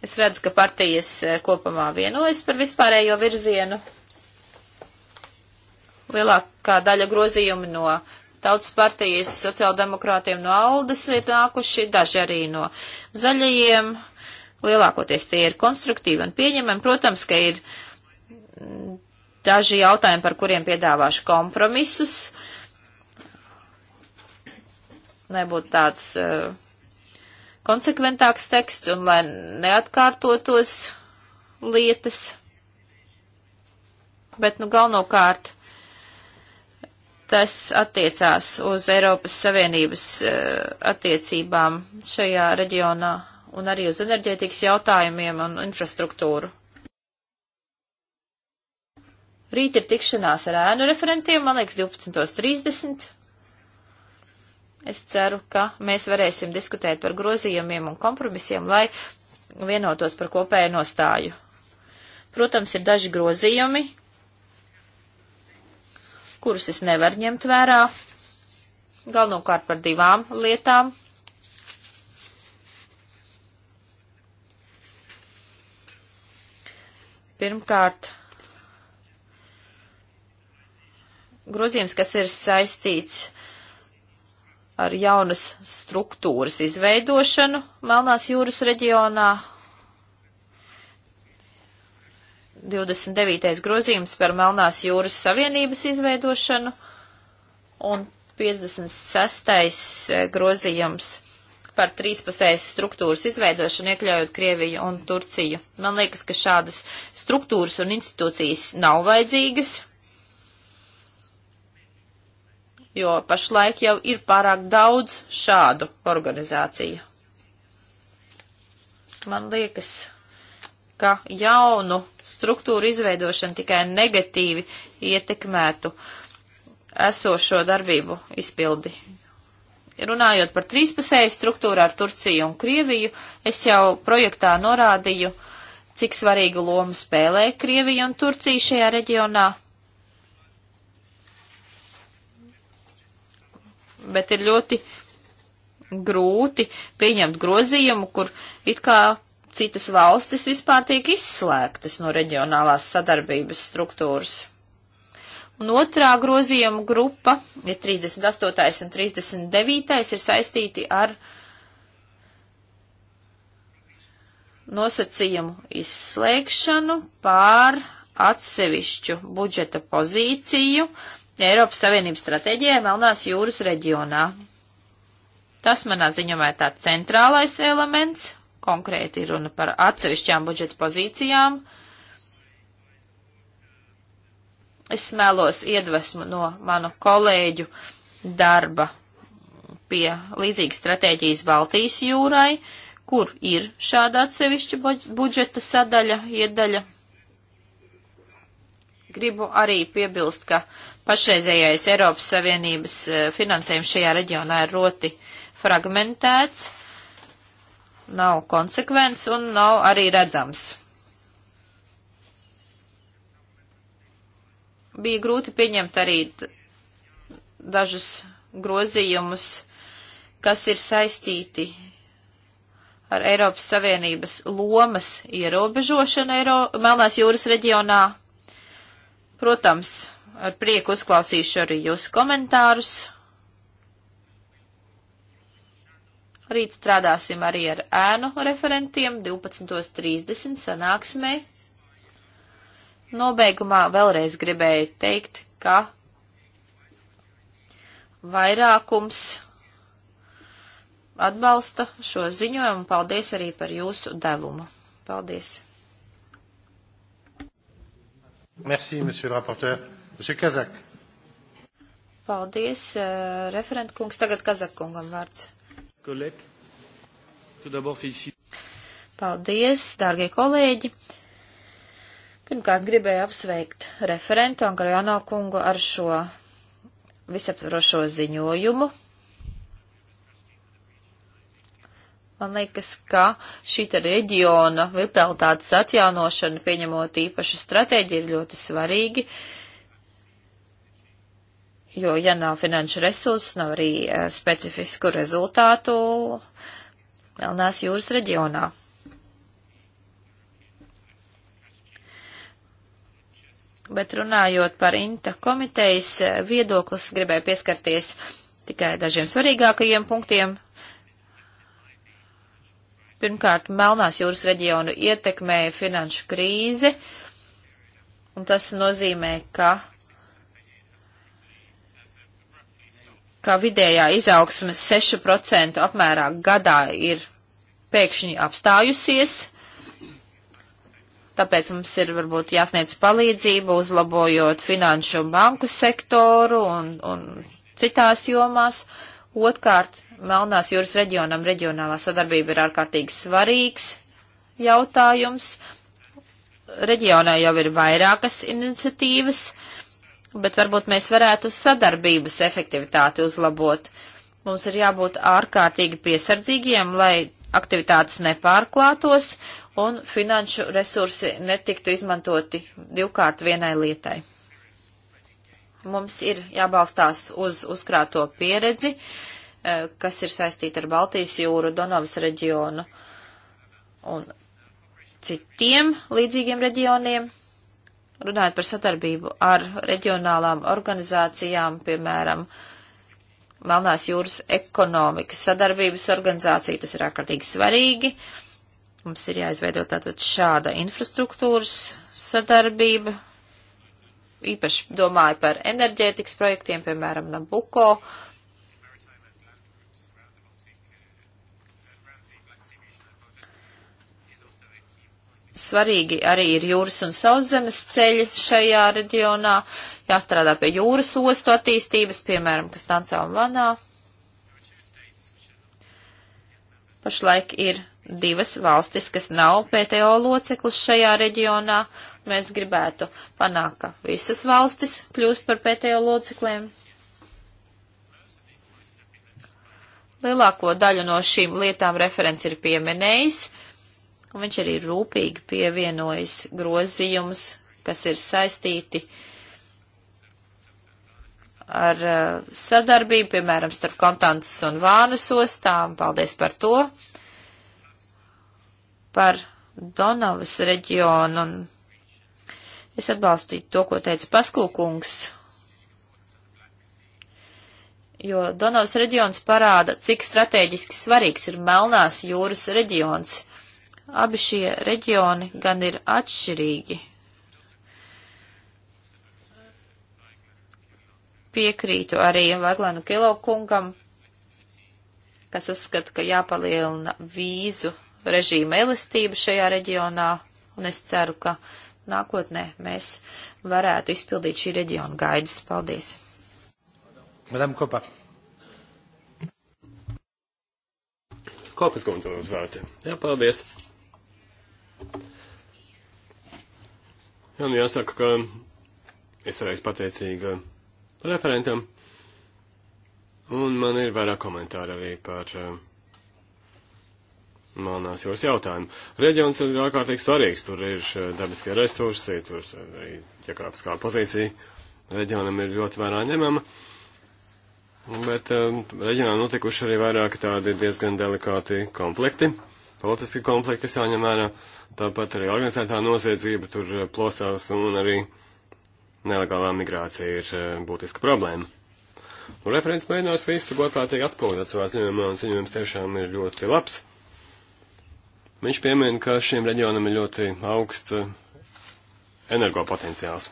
Es redzu, ka partijas eh, kopumā vienojas par vispārējo virzienu. Lielākā daļa grozījumu no Tautas partijas sociāldemokrātiem no Aldes ir nākuši, daži arī no zaļajiem. Lielākoties tie ir konstruktīvi un pieņemami. Protams, ka ir daži jautājumi, par kuriem piedāvāšu kompromisus. Nebūtu tāds uh, konsekventāks teksts un lai neatkārtotos lietas. Bet, nu, galvenokārt tas attiecās uz Eiropas Savienības eh, attiecībām šajā reģionā un arī uz enerģētikas jautājumiem un infrastruktūru. Rīt ir tikšanās ar ēnu referentiem, man liekas, 12.30. Es ceru, ka mēs varēsim diskutēt par grozījumiem un kompromisiem, lai vienotos par kopēju nostāju. Protams, ir daži grozījumi, kurus es nevaru ņemt vērā, galvenokārt par divām lietām. Pirmkārt, grozījums, kas ir saistīts ar jaunas struktūras izveidošanu Melnās jūras reģionā 29. grozījums par Melnās jūras savienības izveidošanu un 56. Eh, grozījums par trīspusējas struktūras izveidošanu, iekļaujot Krieviju un Turciju. Man liekas, ka šādas struktūras un institūcijas nav vajadzīgas, jo pašlaik jau ir pārāk daudz šādu organizāciju. Man liekas, ka jaunu struktūru izveidošana tikai negatīvi ietekmētu esošo darbību izpildi. Runājot par trīspusēju struktūru ar Turciju un Krieviju, es jau projektā norādīju, cik svarīgu lomu spēlē Krievija un Turcija šajā reģionā. Bet ir ļoti grūti pieņemt grozījumu, kur it kā citas valstis vispār tiek izslēgtas no reģionālās sadarbības struktūras. Un otrā grozījuma grupa, ja 38. un 39. ir saistīti ar nosacījumu izslēgšanu pār atsevišķu budžeta pozīciju Eiropas Savienības stratēģijai Melnās jūras reģionā. Tas manā ziņā ir tāds centrālais elements, konkrēti ir runa par atsevišķām budžeta pozīcijām. Es smēlos iedvesmu no manu kolēģu darba pie līdzīgas stratēģijas Baltijas jūrai, kur ir šāda atsevišķa budžeta sadaļa, iedaļa. Gribu arī piebilst, ka pašreizējais Eiropas Savienības eh, finansējums šajā reģionā ir roti fragmentēts. Uh, nav konsekvents un nav arī redzams. Bija grūti pieņemt arī dažus grozījumus, kas ir saistīti ar Eiropas Savienības lomas ierobežošanu Eiro Melnās jūras reģionā. Protams, ar prieku uzklausīšu arī jūsu komentārus Rīt strādāsim arī ar ēnu referentiem 12.30 sanāksmē. Nobeigumā vēlreiz gribēju teikt, ka vairākums atbalsta šo ziņojumu. Paldies arī par jūsu devumu. Paldies. Merci, monsieur le rapporteur. Monsieur Kazak. Paldies, eh, referentkungs. Tagad Kazakungam vārds collègues. Tout d'abord, félicitations. Paldies, dārgie kolēģi! Pirmkārt, gribēju apsveikt referentu Angarjano kungu ar šo visaptvarošo ziņojumu. Man liekas, ka šīta reģiona vitalitātes atjaunošana, pieņemot īpašu stratēģiju, ir ļoti svarīgi. Uh, jo, ja nav finanšu resursu, nav arī e, specifisku rezultātu Melnās jūras reģionā. Bet runājot par INTA komitejas e, viedoklis, gribēju pieskarties tikai dažiem svarīgākajiem punktiem. Pirmkārt, Melnās jūras reģionu ietekmēja finanšu krīze, un tas nozīmē, ka kā vidējā izaugsme 6% apmērā gadā ir pēkšņi apstājusies, tāpēc mums ir varbūt jāsniedz palīdzību, uzlabojot finanšu un banku sektoru un, un citās jomās. Otkārt, Melnās jūras reģionam reģionālā sadarbība ir ārkārtīgi svarīgs jautājums. Reģionā jau ir vairākas iniciatīvas, uh, bet varbūt mēs varētu sadarbības efektivitāti uzlabot. Mums ir jābūt ārkārtīgi piesardzīgiem, lai aktivitātes nepārklātos un finanšu resursi netiktu izmantoti divkārt vienai lietai. Mums ir jābalstās uz uzkrāto pieredzi, eh, kas ir saistīta ar Baltijas jūru, Donovas reģionu un citiem līdzīgiem reģioniem runājot par sadarbību ar reģionālām organizācijām, piemēram, Melnās jūras ekonomikas sadarbības organizācija, tas ir ārkārtīgi svarīgi. Mums ir jāizveido tātad šāda infrastruktūras sadarbība. Īpaši domāju par enerģētikas projektiem, piemēram, Nabuko. Uh, Svarīgi arī ir jūras un sauszemes ceļi šajā reģionā, jāstrādā pie jūras ostu attīstības, piemēram, Kastancā un Vanā. Pašlaik ir divas valstis, kas nav PTO loceklis šajā reģionā. Mēs gribētu panākt, ka visas valstis kļūst par PTO locekliem. Lielāko daļu no šīm lietām referents ir pieminējis un viņš arī rūpīgi pievienojas grozījumus, kas ir saistīti ar uh, sadarbību, piemēram, starp Kontantas un Vānas ostām. Paldies par to. Par Donavas reģionu. Un es atbalstīju to, ko teica Paskūkungs. Jo Donavas reģions parāda, cik strateģiski svarīgs ir Melnās jūras reģions Abi šie reģioni gan ir atšķirīgi. Piekrītu arī Vaglanu Kilo kungam, kas uzskata, ka jāpalielina vīzu režīma elastība šajā reģionā, un es ceru, ka nākotnē mēs varētu izpildīt šī reģiona gaidas. Paldies! Madam Kopa. Kopas kundze mums vārds. Jā, paldies! Jā, nu jāsaka, ka es reiz pateicīga referentam, un man ir vairāk komentāri arī par uh, Melnās jūras jautājumu. Reģions ir ārkārtīgi svarīgs, tur ir eh, dabiskie resursi, tur arī ķekāpskā pozīcija reģionam ir ļoti vērā ņemama, bet um, reģionā notikuši arī vairāki tādi diezgan delikāti konflikti politiski konflikti, kas jāņem vērā, tāpat arī organizētā noziedzība tur eh, plosās un arī nelegālā migrācija ir eh, būtiska problēma. Un referents mēģinās visu godprātīgi atspoguļot savā ziņojumā, un ziņojums tiešām ir ļoti labs. Viņš piemin, ka šim reģionam ir ļoti augsts eh, energopotenciāls.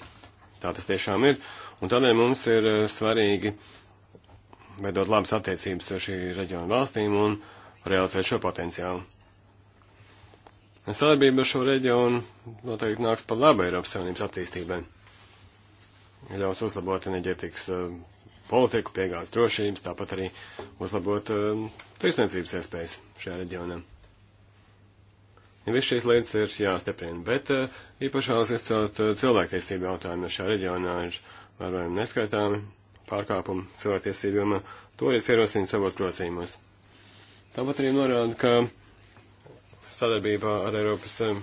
Tā tas tiešām ir, un tādēļ mums ir svarīgi veidot labas attiecības ar šī reģiona valstīm un realizēt šo potenciālu. Sadarbība ar šo reģionu noteikti nāks par labu Eiropas Savienības attīstībai. Ļaus uzlabot enerģētikas eh, politiku, piegādes drošības, tāpat arī uzlabot eh, tirsniecības iespējas šajā reģionā. Ja viss šīs lietas ir jāstiprina, bet eh, īpaši vēlas izcelt cilvēktiesību jautājumu, jo šajā reģionā ir vērojami neskaitāmi pārkāpumi cilvēktiesību jomā. To arī ierosina savos grozījumos. Tāpat arī norāda, ka sadarbībā ar Eiropas eh,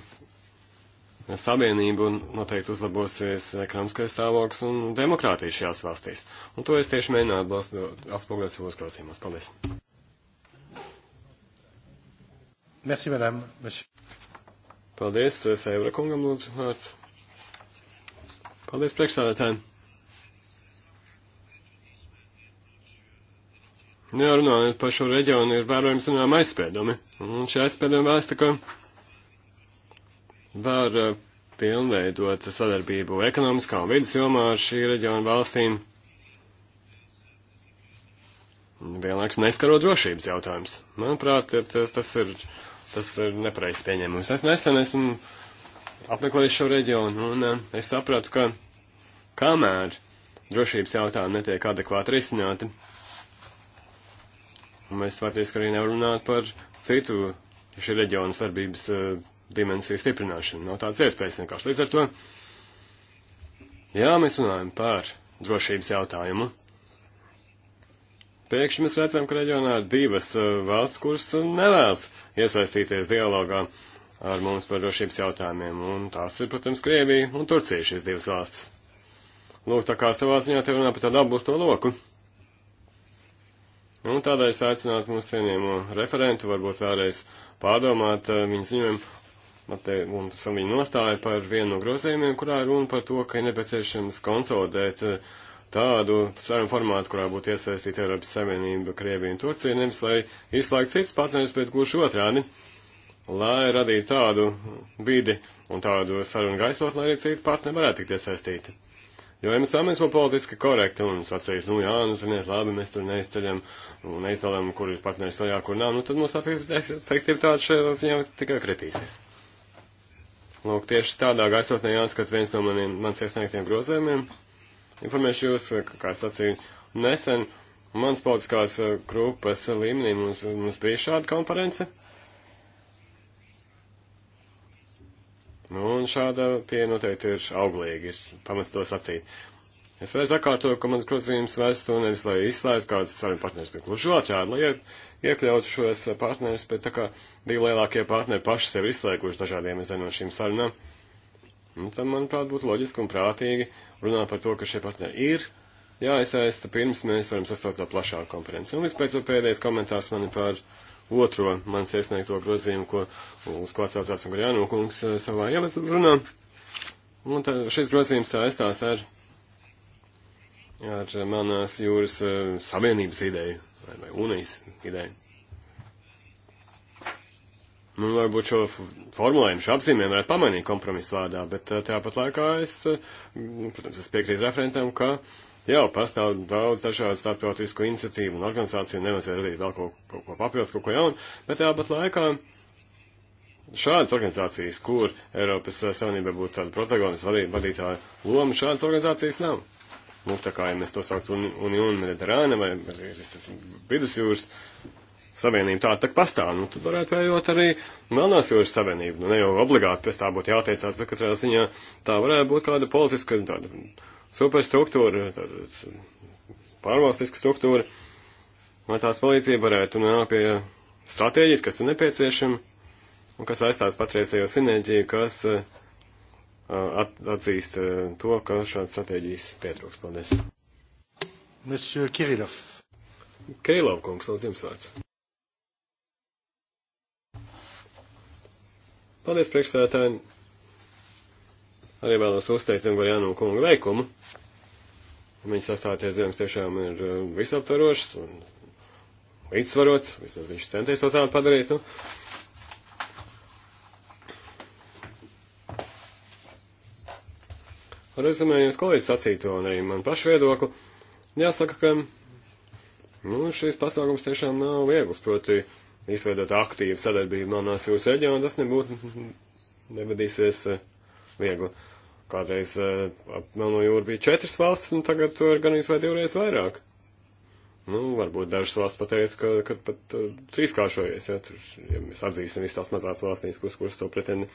Savienību un noteikti uzlabosies ekonomiskais stāvoklis un demokrātija šajās valstīs. Un to es tieši mēģināju atspoguļot savos grozījumos. Paldies! Merci, madame. Merci. Paldies, eh, Sēvra kungam lūdzu vārds. Paldies priekšsādātājiem. Jā, runājot par šo reģionu, ir vērojams, zinām, aizspēdumi. Un šie aizspēdumi vēsta, ka var eh, pilnveidot sadarbību ekonomiskā un vidas jomā ar šī reģiona valstīm. Vienlaiks neskarot drošības jautājums. Manuprāt, tas ir, tas ir nepareizs pieņēmums. Es nesen esmu apmeklējis šo reģionu un eh, es sapratu, ka kamēr drošības jautājumi netiek adekvāti risināti, Un mēs faktiski arī nevaram runāt par citu šī reģiona sadarbības uh, eh, dimensiju stiprināšanu. Nav tādas iespējas vienkārši. Līdz ar to, jā, mēs runājam par drošības jautājumu. Pēkšņi mēs redzam, ka reģionā ir divas uh, valsts, kuras nevēlas iesaistīties dialogā ar mums par drošības jautājumiem, un tās ir, protams, Krievija un Turcija šīs divas valstis. Lūk, tā kā savā ziņā te runā par tādu apburto loku. Nu, un tādēļ es aicinātu mūsu cienījamo referentu varbūt vēlreiz pārdomāt eh, viņu ziņojumu un savu viņu nostāju par vienu no grozījumiem, kurā runa par to, ka ir nepieciešams konsolidēt eh, tādu sarunu formātu, kurā būtu iesaistīta Eiropas Savienība, Krievija un Turcija, nevis lai izslēgtu citus partnerus, bet gluži otrādi, lai radītu tādu vidi un tādu sarunu gaisotni, lai arī citi partneri varētu tikt iesaistīti. Jo, ja mēs vēlamies būt politiski korekti un sacīt, nu jā, nu ziniet, labi, mēs tur neizceļam un neizdalām, kur ir partneris lejā, kur nav, nu tad mums tā efektivitāte šajā ziņā tikai kritīsies. Lūk, tieši tādā gaisotnē jāskat viens no maniem, mans iesniegtiem grozējumiem. Informēšu jūs, kā sacīju, nesen mans politiskās eh, grupas līmenī mums, mums bija šāda konference. Nu, un šāda pieeja noteikti ir auglīga, ir pamats to sacīt. Es vairs atkārtoju, ka mans grozījums vērst to nevis, lai izslēgtu kādus saviem partnerus, bet gluži otrādi, lai iekļautu šos partnerus, bet tā kā divi lielākie partneri paši sevi izslēguši dažādiem izdevumiem no šīm sarunām, nu, tad, manuprāt, būtu loģiski un prātīgi runāt par to, ka šie partneri ir jāiesaista pirms mēs varam sastāvot tā plašāku konferenci. Un vispēc pēdējais komentārs man ir par. Uh, otro mans iesniegto grozījumu, ko, uz ko atsaucās un Grjānu kungs eh, savā ievadu runā. Un tā, šis grozījums saistās ar, ar manās jūras eh, savienības ideju, vai, vai unijas ideju. Nu, varbūt šo formulējumu, šo apzīmējumu varētu pamanīt kompromisu vārdā, bet eh, tāpat laikā es, protams, es piekrītu referentam, ka uh, jau pastāv daudz dažādu starptautisku iniciatīvu un organizāciju, nevajadzēja radīt vēl kaut, kaut ko papildus, kaut ko jaunu, bet tāpat laikā šādas organizācijas, kur Eiropas Savienībai būtu tāda protagonista vadītāja loma, šādas organizācijas nav. Nu, tā kā, ja mēs to sauktu Unionu Mediterāna vai Vidusjūras Savienību, tā tak pastāv, nu, tad varētu vējot arī Melnās jūras Savienību. Nu, ne jau obligāti pēc tā būtu jāteicās, bet katrā ziņā tā varētu būt kāda politiska, tāda superstruktūra, pārvalstiska struktūra, ar tās palīdzību varētu nākt pie stratēģijas, kas ir nepieciešama un kas aizstās patreizējo sinerģiju, kas uh, atzīst uh, to, ka šādas stratēģijas pietrūks. Paldies. Monsieur Kirilov. Kirilov kungs, lūdzu, jums vārds. Paldies, priekšstādātāji. Arī vēlos uzteikt Ungariānu kungu veikumu. Viņa sastāties ziemas tiešām ir eh, visaptvarošs un līdzsvarots. Vismaz viņš centies to tādu padarīt. Nu. Rezumējot kolēģis sacīto un arī man pašu viedokli, jāsaka, ka nu, šis pasākums tiešām nav viegls, proti izveidot aktīvu sadarbību manās jūsu reģionā, tas nebūtu, nevedīsies eh, viegli. Kādreiz eh, ap Melno jūru bija četras valsts, un tagad to ir gan vai divreiz vairāk. Nu, varbūt dažas valsts pateikt, ka, ka pat uh, trīskāršojies, ja, tur, ja mēs atzīsim visas tās mazās valstīs, kuras, kuras to pretendi.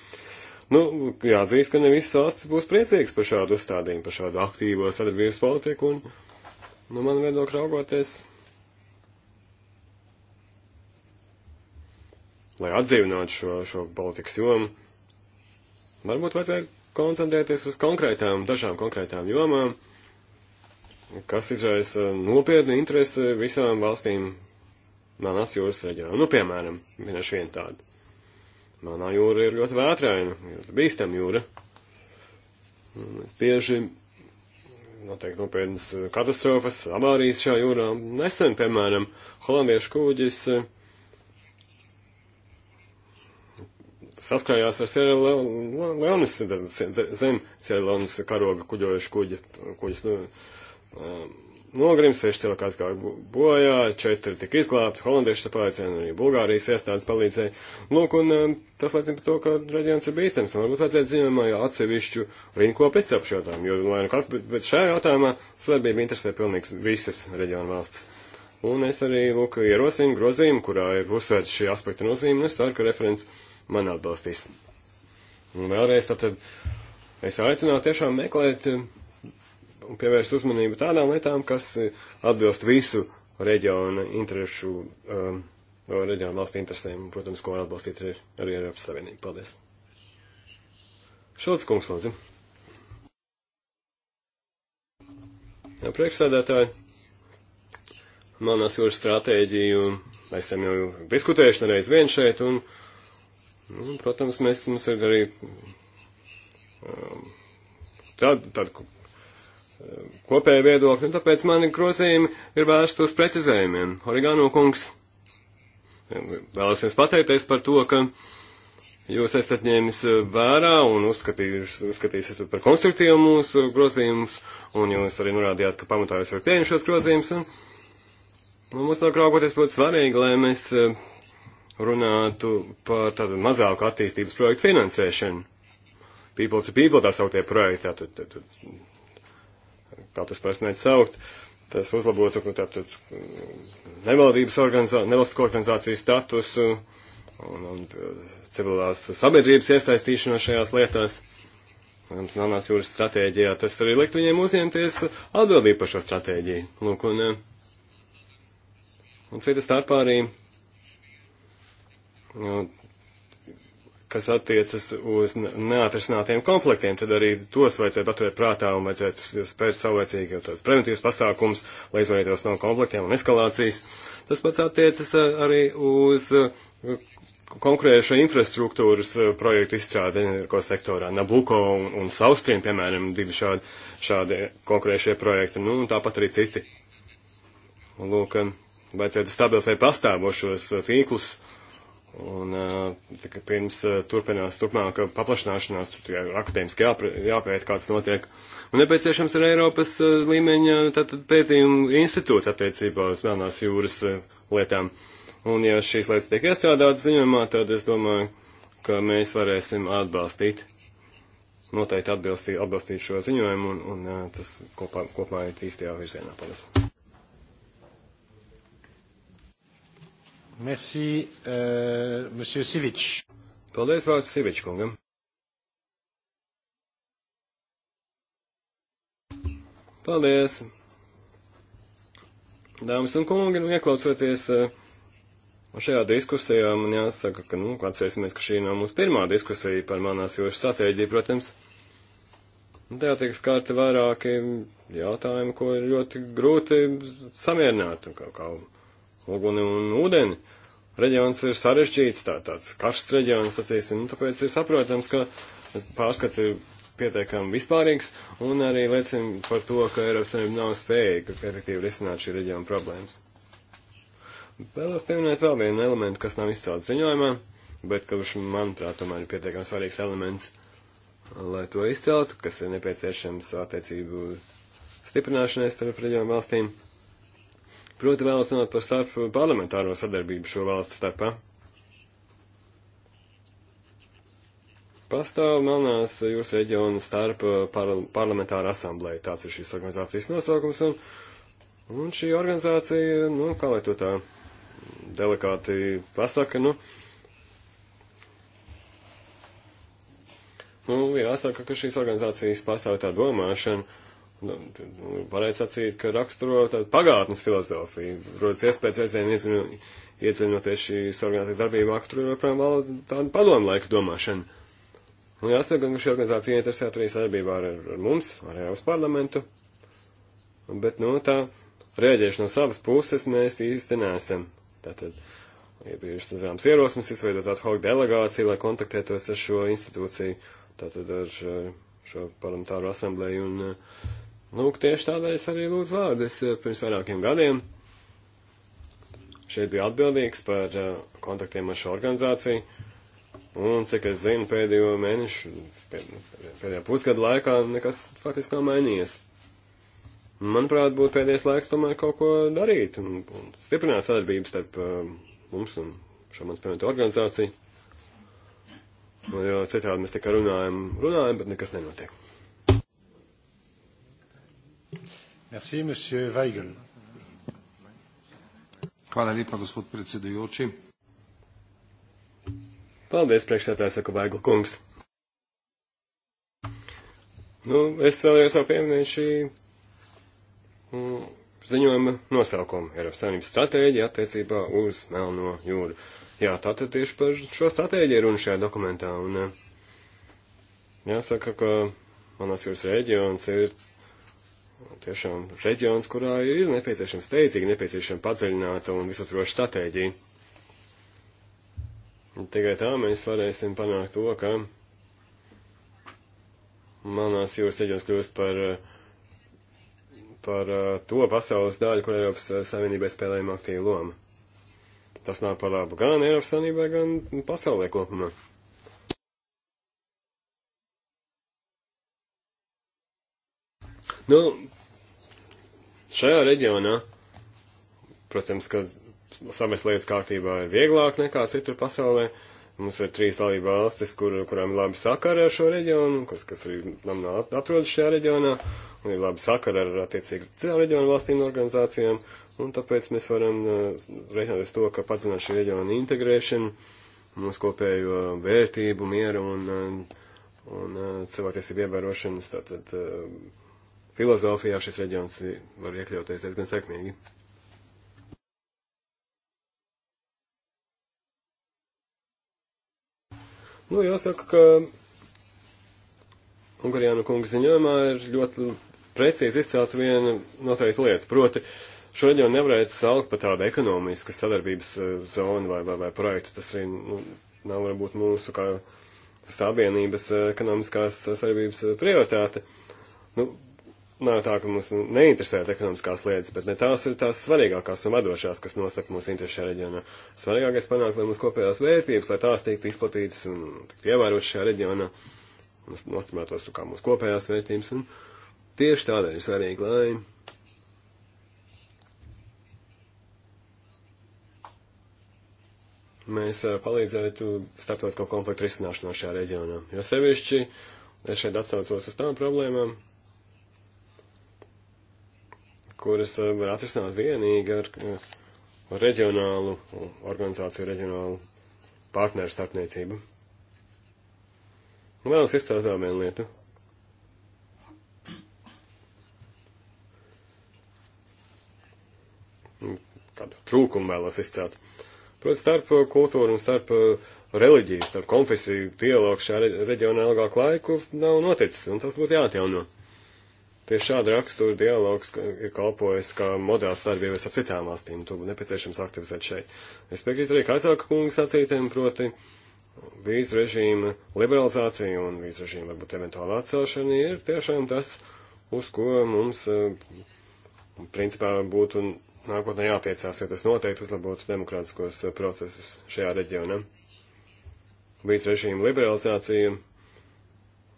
Nu, jāatzīst, ka ne visas valstis būs priecīgas par šādu uzstādījumu, par šādu aktīvo sadarbības politiku, un, nu, man viedokļa raugoties, lai atdzīvinātu šo, šo politikas jomu, Varbūt vajadzētu koncentrēties uz konkrētām, dažām konkrētām jomām, kas izraisa nopietnu interesi visām valstīm Melnās jūras reģionā. Nu, piemēram, vienaši vien tāda. Melnā jūra ir ļoti vētraina, ļoti bīstam jūra. Mēs bieži notiek nopietnas katastrofas, avārijas šajā jūrā. Nesen, piemēram, holandiešu kūģis uh, saskrājās ar Sierra Leonis, zem Sierra Leonis karoga kuģojuši kuģi, kuģis nu, um, nogrims, seši cilvēki kā bojā, četri tika izglābti, holandieši sapācēja, un arī Bulgārijas iestādes palīdzēja. Lūk, un um, tas liecina par to, ka reģions ir bīstams, un varbūt vajadzētu ziņojumā jau atsevišķu rinkopu izcēpšu jautājumu, jo, lai nu kas, bet, bet šajā jautājumā slepkavība interesē pilnīgs visas reģionu valstis. Un es arī, lūk, ierosinu grozījumu, kurā ir uzsvērts šī aspekta nozīme, un es ceru, ka referents man atbalstīs. Un vēlreiz tātad es aicinātu tiešām meklēt eh, un pievērst uzmanību tādām lietām, kas eh, atbilst visu reģionu interesu, um, eh, reģionu valstu interesēm, protams, ko atbalstīt arī, arī Eiropas Savienība. Paldies! Šāds kungs, lūdzu. Jā, priekšsēdētāji, manās jūras stratēģiju esam jau diskutējuši nereiz vien šeit, un Un, nu, protams, mēs mums ir arī um, tāda, tāda um, kopēja viedokļa, un tāpēc mani grozījumi ir vērsti uz precizējumiem. Origano kungs, um, vēlos jums pateikties par to, ka jūs esat ņēmis vērā un uzskatījis par konstruktīvu mūsu grozījumus, un jūs arī norādījāt, ka pamatā jūs varat pieņemt šos grozījumus. Un, un nu, mums vēl raugoties būtu svarīgi, lai mēs um, runātu par tādu mazāku attīstības projektu finansēšanu. People to people tā sauktie projekti, tātad, tātad, kā tas parasti neic saukt, tas uzlabotu tātad nevaldības organizā, nevalstisko organizāciju statusu un, un uh, civilās sabiedrības iesaistīšanos šajās lietās. Protams, Melnās jūras stratēģijā tas arī likt viņiem uzņemties atbildību par šo stratēģiju. Lūk, un, uh, un cita starpā arī Nu, kas attiecas uz neatrisinātiem konfliktiem, tad arī tos vajadzētu atturēt prātā un vajadzētu spērt saulēcīgi jau tādus preventīvus pasākums, lai izvairītos no konfliktiem un eskalācijas. Tas pats attiecas arī uz konkurējušo infrastruktūras projektu izstrādi energo sektorā. Nabuko un, un Saustriem, piemēram, divi šādi, šādi konkurējušie projekti, nu, un tāpat arī citi. Un, lūk, vajadzētu stabilizēt pastāvošos tīklus Un eh, tā, pirms eh, turpinās turpmāka paplašanāšanās, tur ir akadēmiski jāpē, jāpēt, kāds notiek. Un nepieciešams ir Eiropas eh, līmeņa tātad, pētījumu institūts attiecībā uz Melnās jūras lietām. Un ja šīs lietas tiek iestrādātas ziņojumā, tad es domāju, ka mēs varēsim atbalstīt, noteikti atbalstīt, atbalstīt šo ziņojumu un, un tas kopā, kopā ir īstajā virzienā. Paldies! Merci, uh, monsieur Sivič. Paldies, vārds Sivič kungam. Paldies. Dāmas un kungi, nu, ieklausoties uh, šajā diskusijā, man jāsaka, ka, nu, atcerēsimies, ka šī nav mūsu pirmā diskusija par manās jūras stratēģiju, protams. Tajā tiek skārti vairāki jautājumi, ko ir ļoti grūti samierināt un kaut kā. kā uguni un ūdeni. Reģions ir sarežģīts, tā, tāds karsts reģions, sacīsim, nu, tāpēc ir saprotams, ka pārskats ir pietiekami vispārīgs un arī liecina par to, ka Eiropas Savienība nav spējīga efektīvi risināt šī reģiona problēmas. Vēlos pieminēt vēl vienu elementu, kas nav izcēlts ziņojumā, bet kurš, manuprāt, tomēr ir pietiekami svarīgs elements, lai to izceltu, kas ir nepieciešams attiecību stiprināšanai starp reģionu valstīm. Proti vēlas runāt par starp parlamentāro sadarbību šo valstu starpā. Pastāv manās jūras reģiona starp uh, parla parlamentāra asambleja, tāds ir šīs organizācijas nosaukums, un, un šī organizācija, nu, kā lai to tā delikāti pasaka, nu, nu, jāsaka, ka šīs organizācijas pastāv tā domāšana, nu, nu varētu sacīt, ka raksturo tādu pagātnes filozofiju. Protams, iespējas reizēm ieceļoties šīs organizācijas darbībā, ka tur joprojām valda tāda padomu laika domāšana. Un jāsaka, ka šī organizācija interesēta arī sadarbībā ar, ar mums, ar Eiropas parlamentu. Bet, nu, tā rēģēšana no savas puses mēs īsti neesam. Tātad ir bijušas zināmas ierosmes izveidot tādu hog delegāciju, lai kontaktētos ar šo institūciju, tātad ar šo, šo parlamentāru asamblēju un uh, Lūk, tieši tādēļ es arī lūdzu vārdu. Es eh, pirms vairākiem gadiem šeit biju atbildīgs par eh, kontaktiem ar šo organizāciju. Un, cik es zinu, pēdējo mēnešu, nu, pēdējā pusgada laikā nekas faktiski nav mainījies. Manuprāt, būtu pēdējais laiks tomēr kaut ko darīt un, un stiprināt sadarbību starp eh, mums un šo mans pieminēto organizāciju. Jo citādi mēs tikai runājam, runājam, bet nekas nenotiek. Merci, monsieur Weigel. Hvala lepa, gospod predsedujoči. Paldies, priekšsētājs, saka Vaigla kungs. Nu, es vēlējos vēl pieminēt šī mm, ziņojuma nosaukumu Eiropas Savienības stratēģija attiecībā uz Melno jūru. Jā, tātad tieši par šo stratēģiju runa šajā dokumentā, un eh, jāsaka, ka manas jūras reģions ir tiešām reģions, kurā ir nepieciešama steidzīgi, nepieciešama padziļināta un visaptroša stratēģija. Tikai tā mēs varēsim panākt to, ka Melnās jūras reģions kļūst par, par eh, to pasaules daļu, kur Eiropas eh, Savienībai spēlējama aktīva loma. Tas nav par labu gan Eiropas Savienībai, gan pasaulē kopumā. Nu, šajā reģionā, protams, ka savas lietas kārtībā ir vieglāk nekā citur pasaulē. Mums ir trīs dalība valstis, kur, kurām ir labi sakari ar šo reģionu, kas, kas arī atrodas šajā reģionā, un ir labi sakari ar attiecīgi citām reģionu valstīm un organizācijām, un tāpēc mēs varam uh, reiķināt uz to, ka padziļināt šī reģiona integrēšanu, mūsu kopējo uh, vērtību, mieru un, un, un uh, cilvēktiesību ievērošanas tātad. Uh, filozofijā šis reģions var iekļauties diezgan sekmīgi. Nu, jāsaka, ka Ungarijānu kungas ziņojumā ir ļoti precīzi izcelt viena noteikta lieta. Proti, šo reģionu nevarētu saukt par tādu ekonomiskas sadarbības e, zonu vai, vai, vai projektu. Tas arī nu, nav varbūt mūsu kā savienības e, ekonomiskās sadarbības e, prioritāte. Nu, Nav tā, ka mums neinteresē ekonomiskās lietas, bet ne tās ir tās svarīgākās un vadošās, kas nosaka mūsu interesi šajā reģionā. Svarīgākais panākt, lai mūsu kopējās vērtības, lai tās tiktu izplatītas un tiktu ievērotas šajā reģionā, nostimētos kā mūsu kopējās vērtības. Un tieši tādēļ ir svarīgi, lai mēs palīdzētu starptautisko konfliktu risināšanā šajā reģionā. Jo sevišķi es šeit atsaucos uz tām problēmām kuras uh, var atrisināt vienīgi ar, uh, ar reģionālu uh, organizāciju, reģionālu partneru starpniecību. Vēlos izstāstīt vēl vienu lietu. Kādu trūkumu vēlos izcelt. Protams, starp kultūru un starp reliģiju, starp konfesiju dialogu šajā reģionā ilgāku laiku nav noticis, un tas būtu jāatjauno. Tieši šāda rakstura dialogs ir kalpojis kā modelis sadarbības ar citām valstīm. To būtu nepieciešams aktivizēt šeit. Es piekrītu arī Kaisāka kungas sacītēm, proti vīzu režīma liberalizācija un vīzu režīma varbūt eventuāla atcelšana ir tiešām tas, uz ko mums eh, principā būtu nākotnē jātiecās, jo tas noteikti uzlabotu demokrātiskos procesus šajā reģionā. Vīzu režīma liberalizācija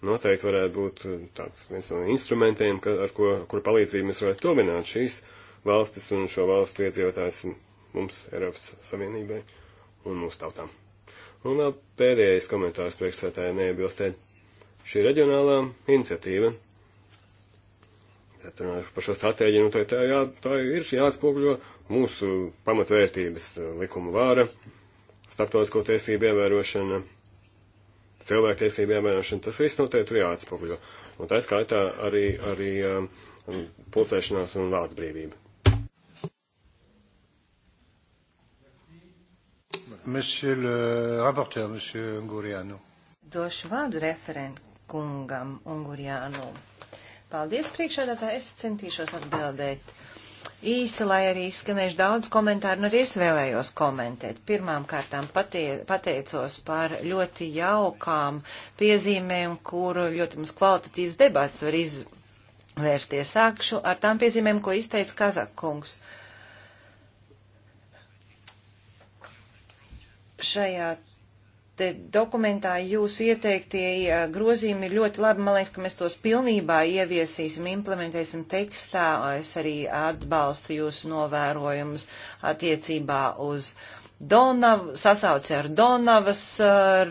noteikti varētu būt eh, tāds viens no instrumentiem, ka, ar ko, ar kuru palīdzību mēs varētu tuvināt šīs valstis un šo valstu iedzīvotājs mums Eiropas Savienībai un mūsu tautām. Un vēl pēdējais komentārs priekšstādāja neiebilstē. Šī reģionālā iniciatīva, tad runāšu par šo stratēģiju, nu tā, tā, jā, tā ir jāatspūgļo mūsu pamatvērtības likuma vāra, starptautisko tiesību ievērošana, cilvēktiesību ievērošana, tas viss noteikti tur jāatspoguļo. Un tā skaitā arī, arī um, pulcēšanās un vārdu brīvība. Monsieur le rapporteur, monsieur Unguriano. Došu vārdu referentkungam Unguriano. Paldies priekšādātā, es centīšos atbildēt īsa, lai arī skanēšu daudz komentāru, un nu arī es vēlējos komentēt. Pirmām kārtām patie, pateicos par ļoti jaukām piezīmēm, kuru ļoti mums kvalitatīvs debats var izvērsties. Sākšu ar tām piezīmēm, ko izteica Kazakungs. Šajā te dokumentā jūsu ieteiktie grozījumi ir ļoti labi. Man liekas, ka mēs tos pilnībā ieviesīsim, implementēsim tekstā. Es arī atbalstu jūsu novērojumus attiecībā uz Donav, sasauci ar Donavas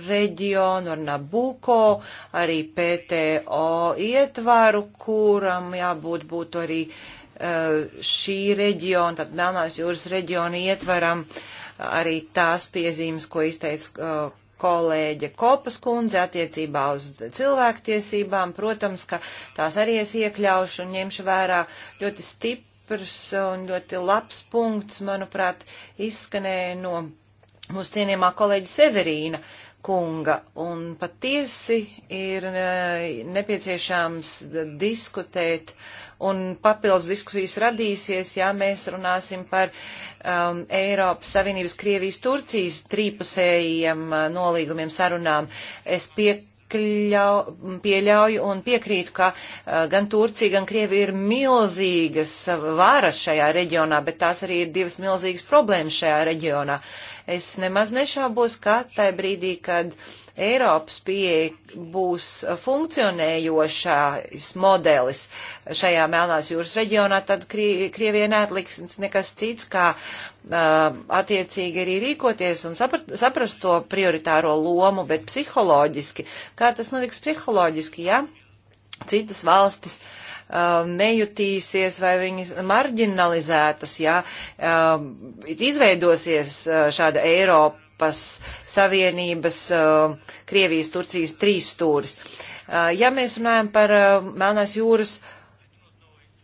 reģionu, ar Nabuko, arī PTO ietvaru, kuram jābūt būtu arī šī reģiona, tad Melnās jūras reģiona ietvaram arī tās piezīmes, ko izteica kolēģe Kopas kundze attiecībā uz cilvēktiesībām. Protams, ka tās arī es iekļaušu un ņemšu vērā ļoti stiprs un ļoti labs punkts, manuprāt, izskanēja no mūsu cienījumā kolēģa Severīna kunga. Un patiesi ir eh, nepieciešams diskutēt uh, un papildus diskusijas radīsies, ja mēs runāsim par um, Eiropas Savienības, Krievijas, Turcijas trīpusējiem uh, nolīgumiem sarunām. Es pie, piekļau, pieļauju un piekrītu, ka eh, gan Turcija, gan Krievija ir milzīgas eh, varas šajā reģionā, bet tās arī ir divas milzīgas problēmas šajā reģionā. Es nemaz nešaubos, ka tajā brīdī, kad Eiropas pieeja būs funkcionējošais modelis šajā Melnās jūras reģionā, tad Krievijai neatliks nekas cits, kā uh, Uh, attiecīgi arī rīkoties un saprat, saprast to prioritāro lomu, bet psiholoģiski. Kā tas notiks psiholoģiski, ja citas valstis uh, nejutīsies vai viņas marginalizētas, ja uh, izveidosies uh, šāda Eiropas Savienības, uh, Krievijas, Turcijas trīs stūris. Uh, ja mēs runājam par Melnās jūras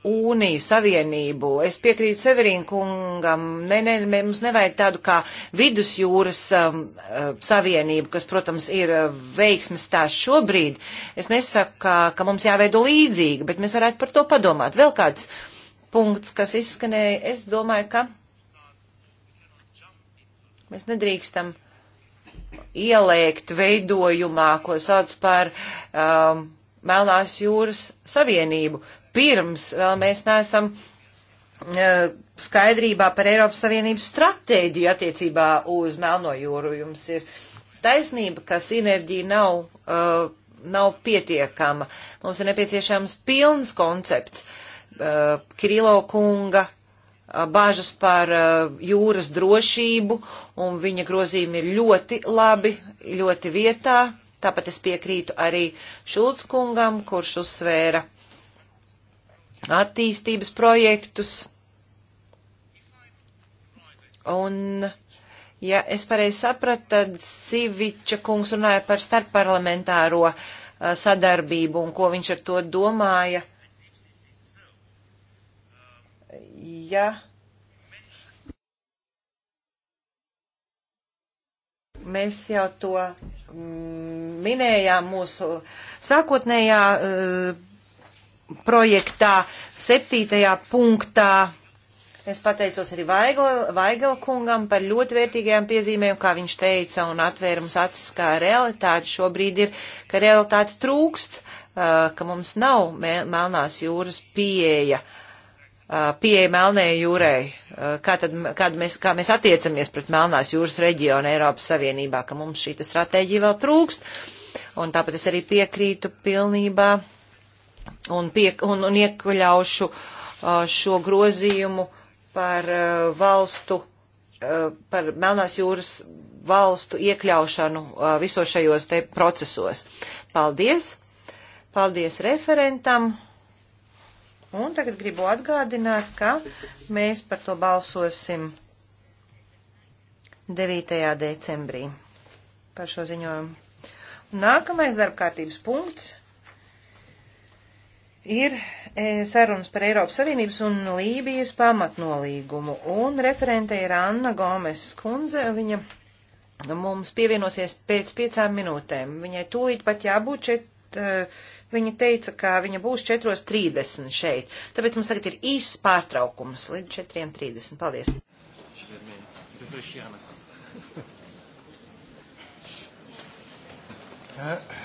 Uniju, Savienību. Es piekrītu Severīnu kungam, ne, ne, mums nevajag tādu kā vidusjūras um, uh, savienību, kas, protams, ir uh, veiksmes tās šobrīd. Es nesaku, ka, ka mums jāveido līdzīgi, bet mēs varētu par to padomāt. Vēl kāds punkts, kas izskanēja, es domāju, ka mēs nedrīkstam ieliekt veidojumā, ko sauc par um, Melnās jūras savienību pirms vēl mēs neesam e, skaidrībā par Eiropas Savienības stratēģiju attiecībā uz Melno jūru. Jums ir taisnība, ka sinerģija nav, uh, nav pietiekama. Mums ir nepieciešams pilns koncepts uh, Kirilo kunga uh, bāžas par uh, jūras drošību, un viņa grozījumi ir ļoti labi, ļoti vietā. Tāpat es piekrītu arī Šulc kungam, kurš uzsvēra attīstības projektus. Un, ja es pareizi sapratu, tad Siviča kungs runāja par starpparlamentāro uh, sadarbību un ko viņš ar to domāja. Ja mēs jau to mm, minējām mūsu sākotnējā uh, projektā, septītajā punktā. Es pateicos arī Vaigala kungam par ļoti vērtīgajām piezīmēm, kā viņš teica, un atvēra mums acis, kā realitāte šobrīd ir, ka realitāte trūkst, uh, ka mums nav Melnās jūras pieeja, uh, pieeja Melnējai jūrai, uh, kā, tad, kā, mēs, kā mēs attiecamies pret Melnās jūras reģionu Eiropas Savienībā, ka mums šīta stratēģija vēl trūkst, un tāpēc es arī piekrītu pilnībā un, pie, un, un iekļaušu uh, šo grozījumu par uh, valstu, uh, par Melnās jūras valstu iekļaušanu visos šajos te procesos. Paldies! Paldies referentam! Un tagad gribu atgādināt, ka mēs par to balsosim 9. decembrī par šo ziņojumu. Nākamais darbkārtības punkts ir e, sarunas par Eiropas Savienības un Lībijas pamatnolīgumu, un referente ir Anna Gomes kundze, viņa mums pievienosies pēc piecām minūtēm. Viņai tūlīt pat jābūt šeit. E, viņa teica, ka viņa būs 4.30 šeit, tāpēc mums tagad ir īsts pārtraukums līdz 4.30. Paldies! Uh.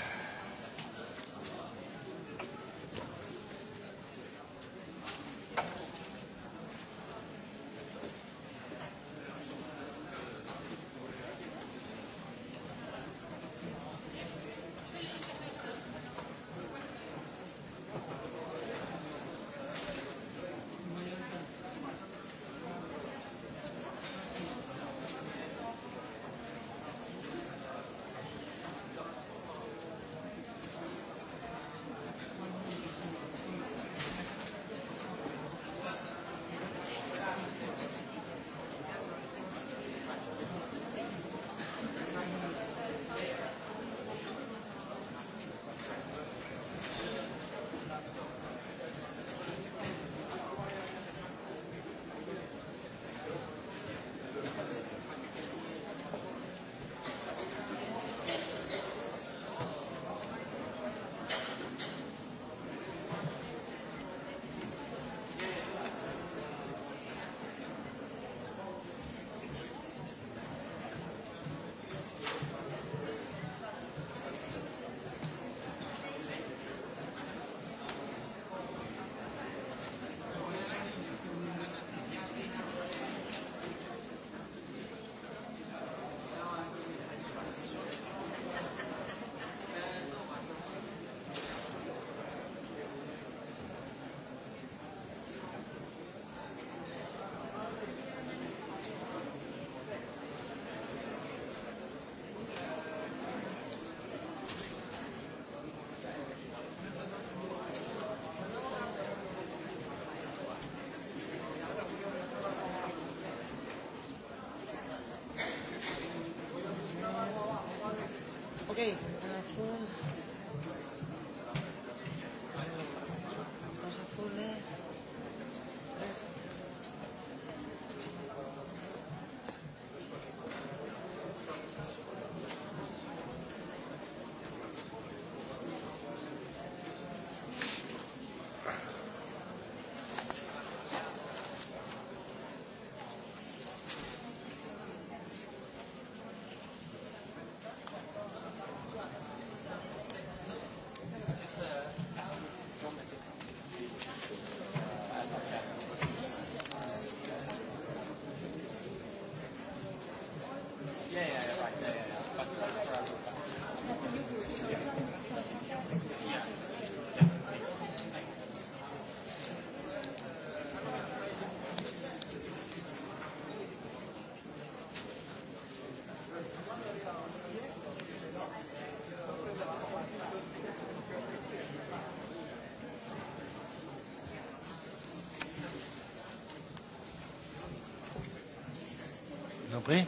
Dobrý.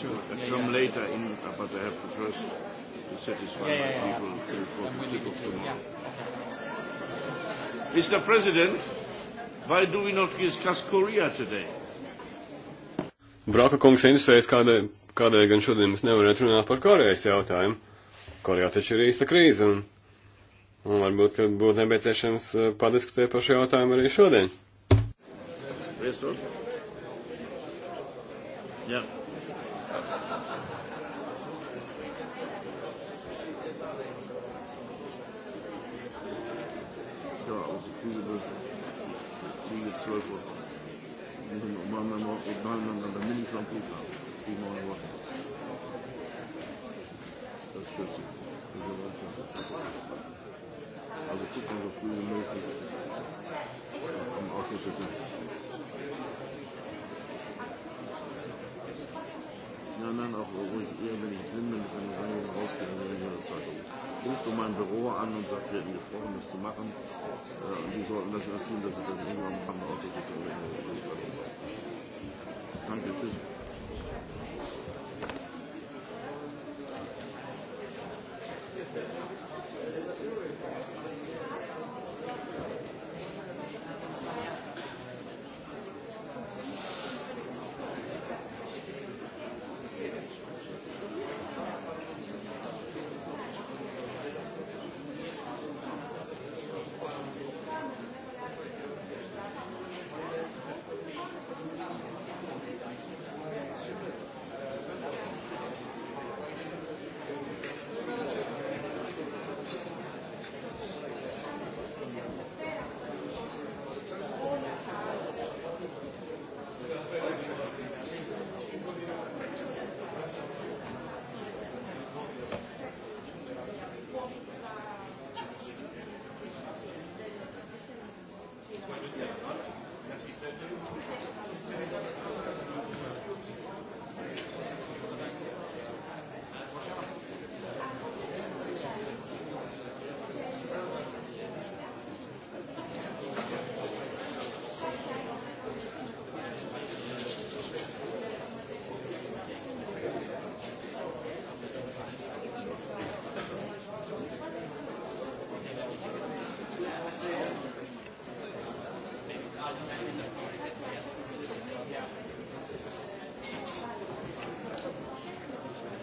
sure. That yeah, come yeah. later in, uh, but I have to first be satisfied yeah, yeah, yeah, people yeah, before the kick of tomorrow. Yeah. Okay. Mr. President, why do we not discuss Korea today? Braka kungs interesējas, kādēļ, kādēļ gan šodien mēs nevarētu runāt par Korejas jautājumu. Korejā taču ir īsta krīze, un, un varbūt, ka būtu nepieciešams uh, padiskutēt par šo jautājumu arī šodien. Priestor. Yeah. ja, als ik vuurde, die het slopen. Op mijn moment naar de minicamp toe gaan. Die mooie wordt. Dat is juist. Dat is wel zo. Als ik goed kan, dat vuurde mogelijk. Om af te zetten. Nein, nein, auch ruhig eher, wenn ich bin, dann kann ich rein und rausgehen, wenn ich meine Zeit habe ruft so mein Büro an und sagt, wir hätten gesprochen, das zu machen. Äh, und die sollten das erst tun, dass sie das irgendwann am Auto sitzen oder Danke, tschüss.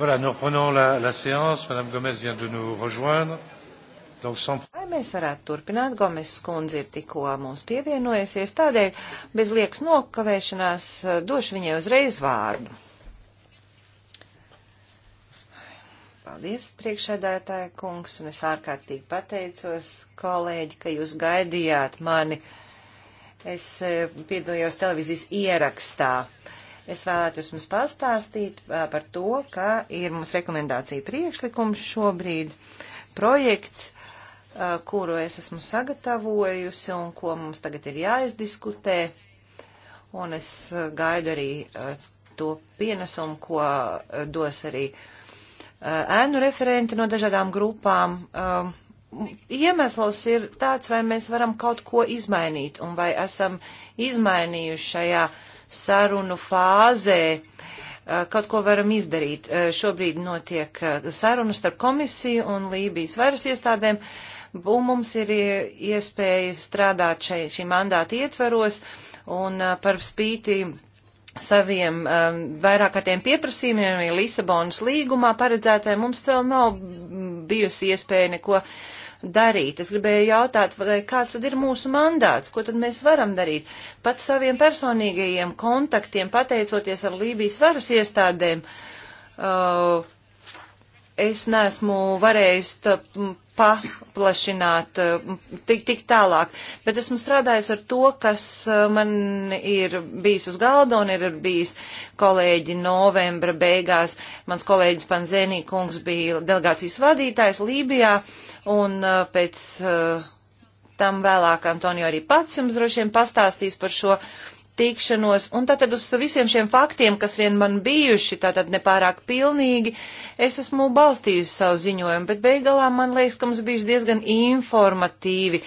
Voilà, nous reprenons la, la séance. Madame Gomez vient de nous rejoindre. Donc, sans... Lai mēs varētu turpināt, Gomes skundze ir tikko mums pievienojusies, tādēļ bez liekas nokavēšanās eh, došu viņai uzreiz vārdu. Paldies, priekšēdētāja kungs, un es ārkārtīgi pateicos, kolēģi, ka jūs gaidījāt mani. Es eh, piedalījos televīzijas ierakstā. Uh, Es vēlētos jums pastāstīt par to, ka ir mums rekomendācija priekšlikums šobrīd, projekts, kuru es esmu sagatavojusi un ko mums tagad ir jāizdiskutē. Un es gaidu arī to pienesumu, ko dos arī ēnu referenti no dažādām grupām iemesls ir tāds, vai mēs varam kaut ko izmainīt un vai esam izmainījuši šajā sarunu fāzē eh, kaut ko varam izdarīt. Eh, šobrīd notiek eh, sarunas starp komisiju un Lībijas varas iestādēm, un mums ir iespēja strādāt šai, šī mandāta ietveros, un par spīti saviem um, vairākārtiem pieprasījumiem, ja Lisabonas līgumā paredzētājiem mums vēl nav mm, bijusi iespēja neko uh, darīt. Es gribēju jautāt, vai kāds tad ir mūsu mandāts, ko tad mēs varam darīt. Pat saviem personīgajiem kontaktiem, pateicoties ar Lībijas varas iestādēm, uh, es neesmu varējusi paplašināt tik, tik tālāk, bet esmu strādājis ar to, kas man ir bijis uz galda un ir bijis kolēģi novembra beigās. Mans kolēģis Panzēnī kungs bija delegācijas vadītājs Lībijā un pēc tam vēlāk Antonio arī pats jums droši vien pastāstīs par šo. Uh, tikšanos, un tātad uz visiem šiem faktiem, kas vien man bijuši, tātad nepārāk pilnīgi, es esmu balstījusi savu ziņojumu, bet beigalā man liekas, ka mums bijuši diezgan informatīvi.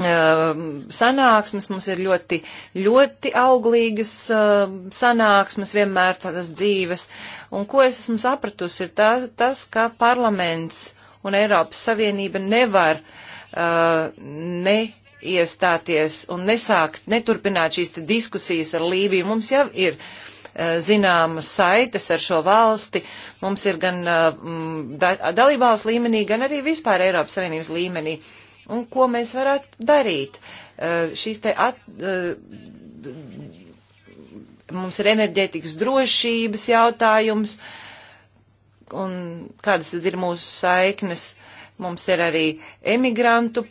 Uh, sanāksmes mums ir ļoti, ļoti auglīgas uh, sanāksmes, vienmēr tādas dzīves. Un ko es esmu sapratusi, ir tā, tas, ka parlaments un Eiropas Savienība nevar uh, ne iestāties un nesākt, neturpināt šīs diskusijas ar Lībiju. Mums jau ir uh, zināmas saites ar šo valsti. Mums ir gan uh, da, dalībvalsts līmenī, gan arī vispār Eiropas Savienības līmenī. Un ko mēs varētu darīt? Uh, šīs te at, mums ir enerģētikas drošības jautājums. Un kādas tad ir mūsu saiknes? Mums ir arī emigrantu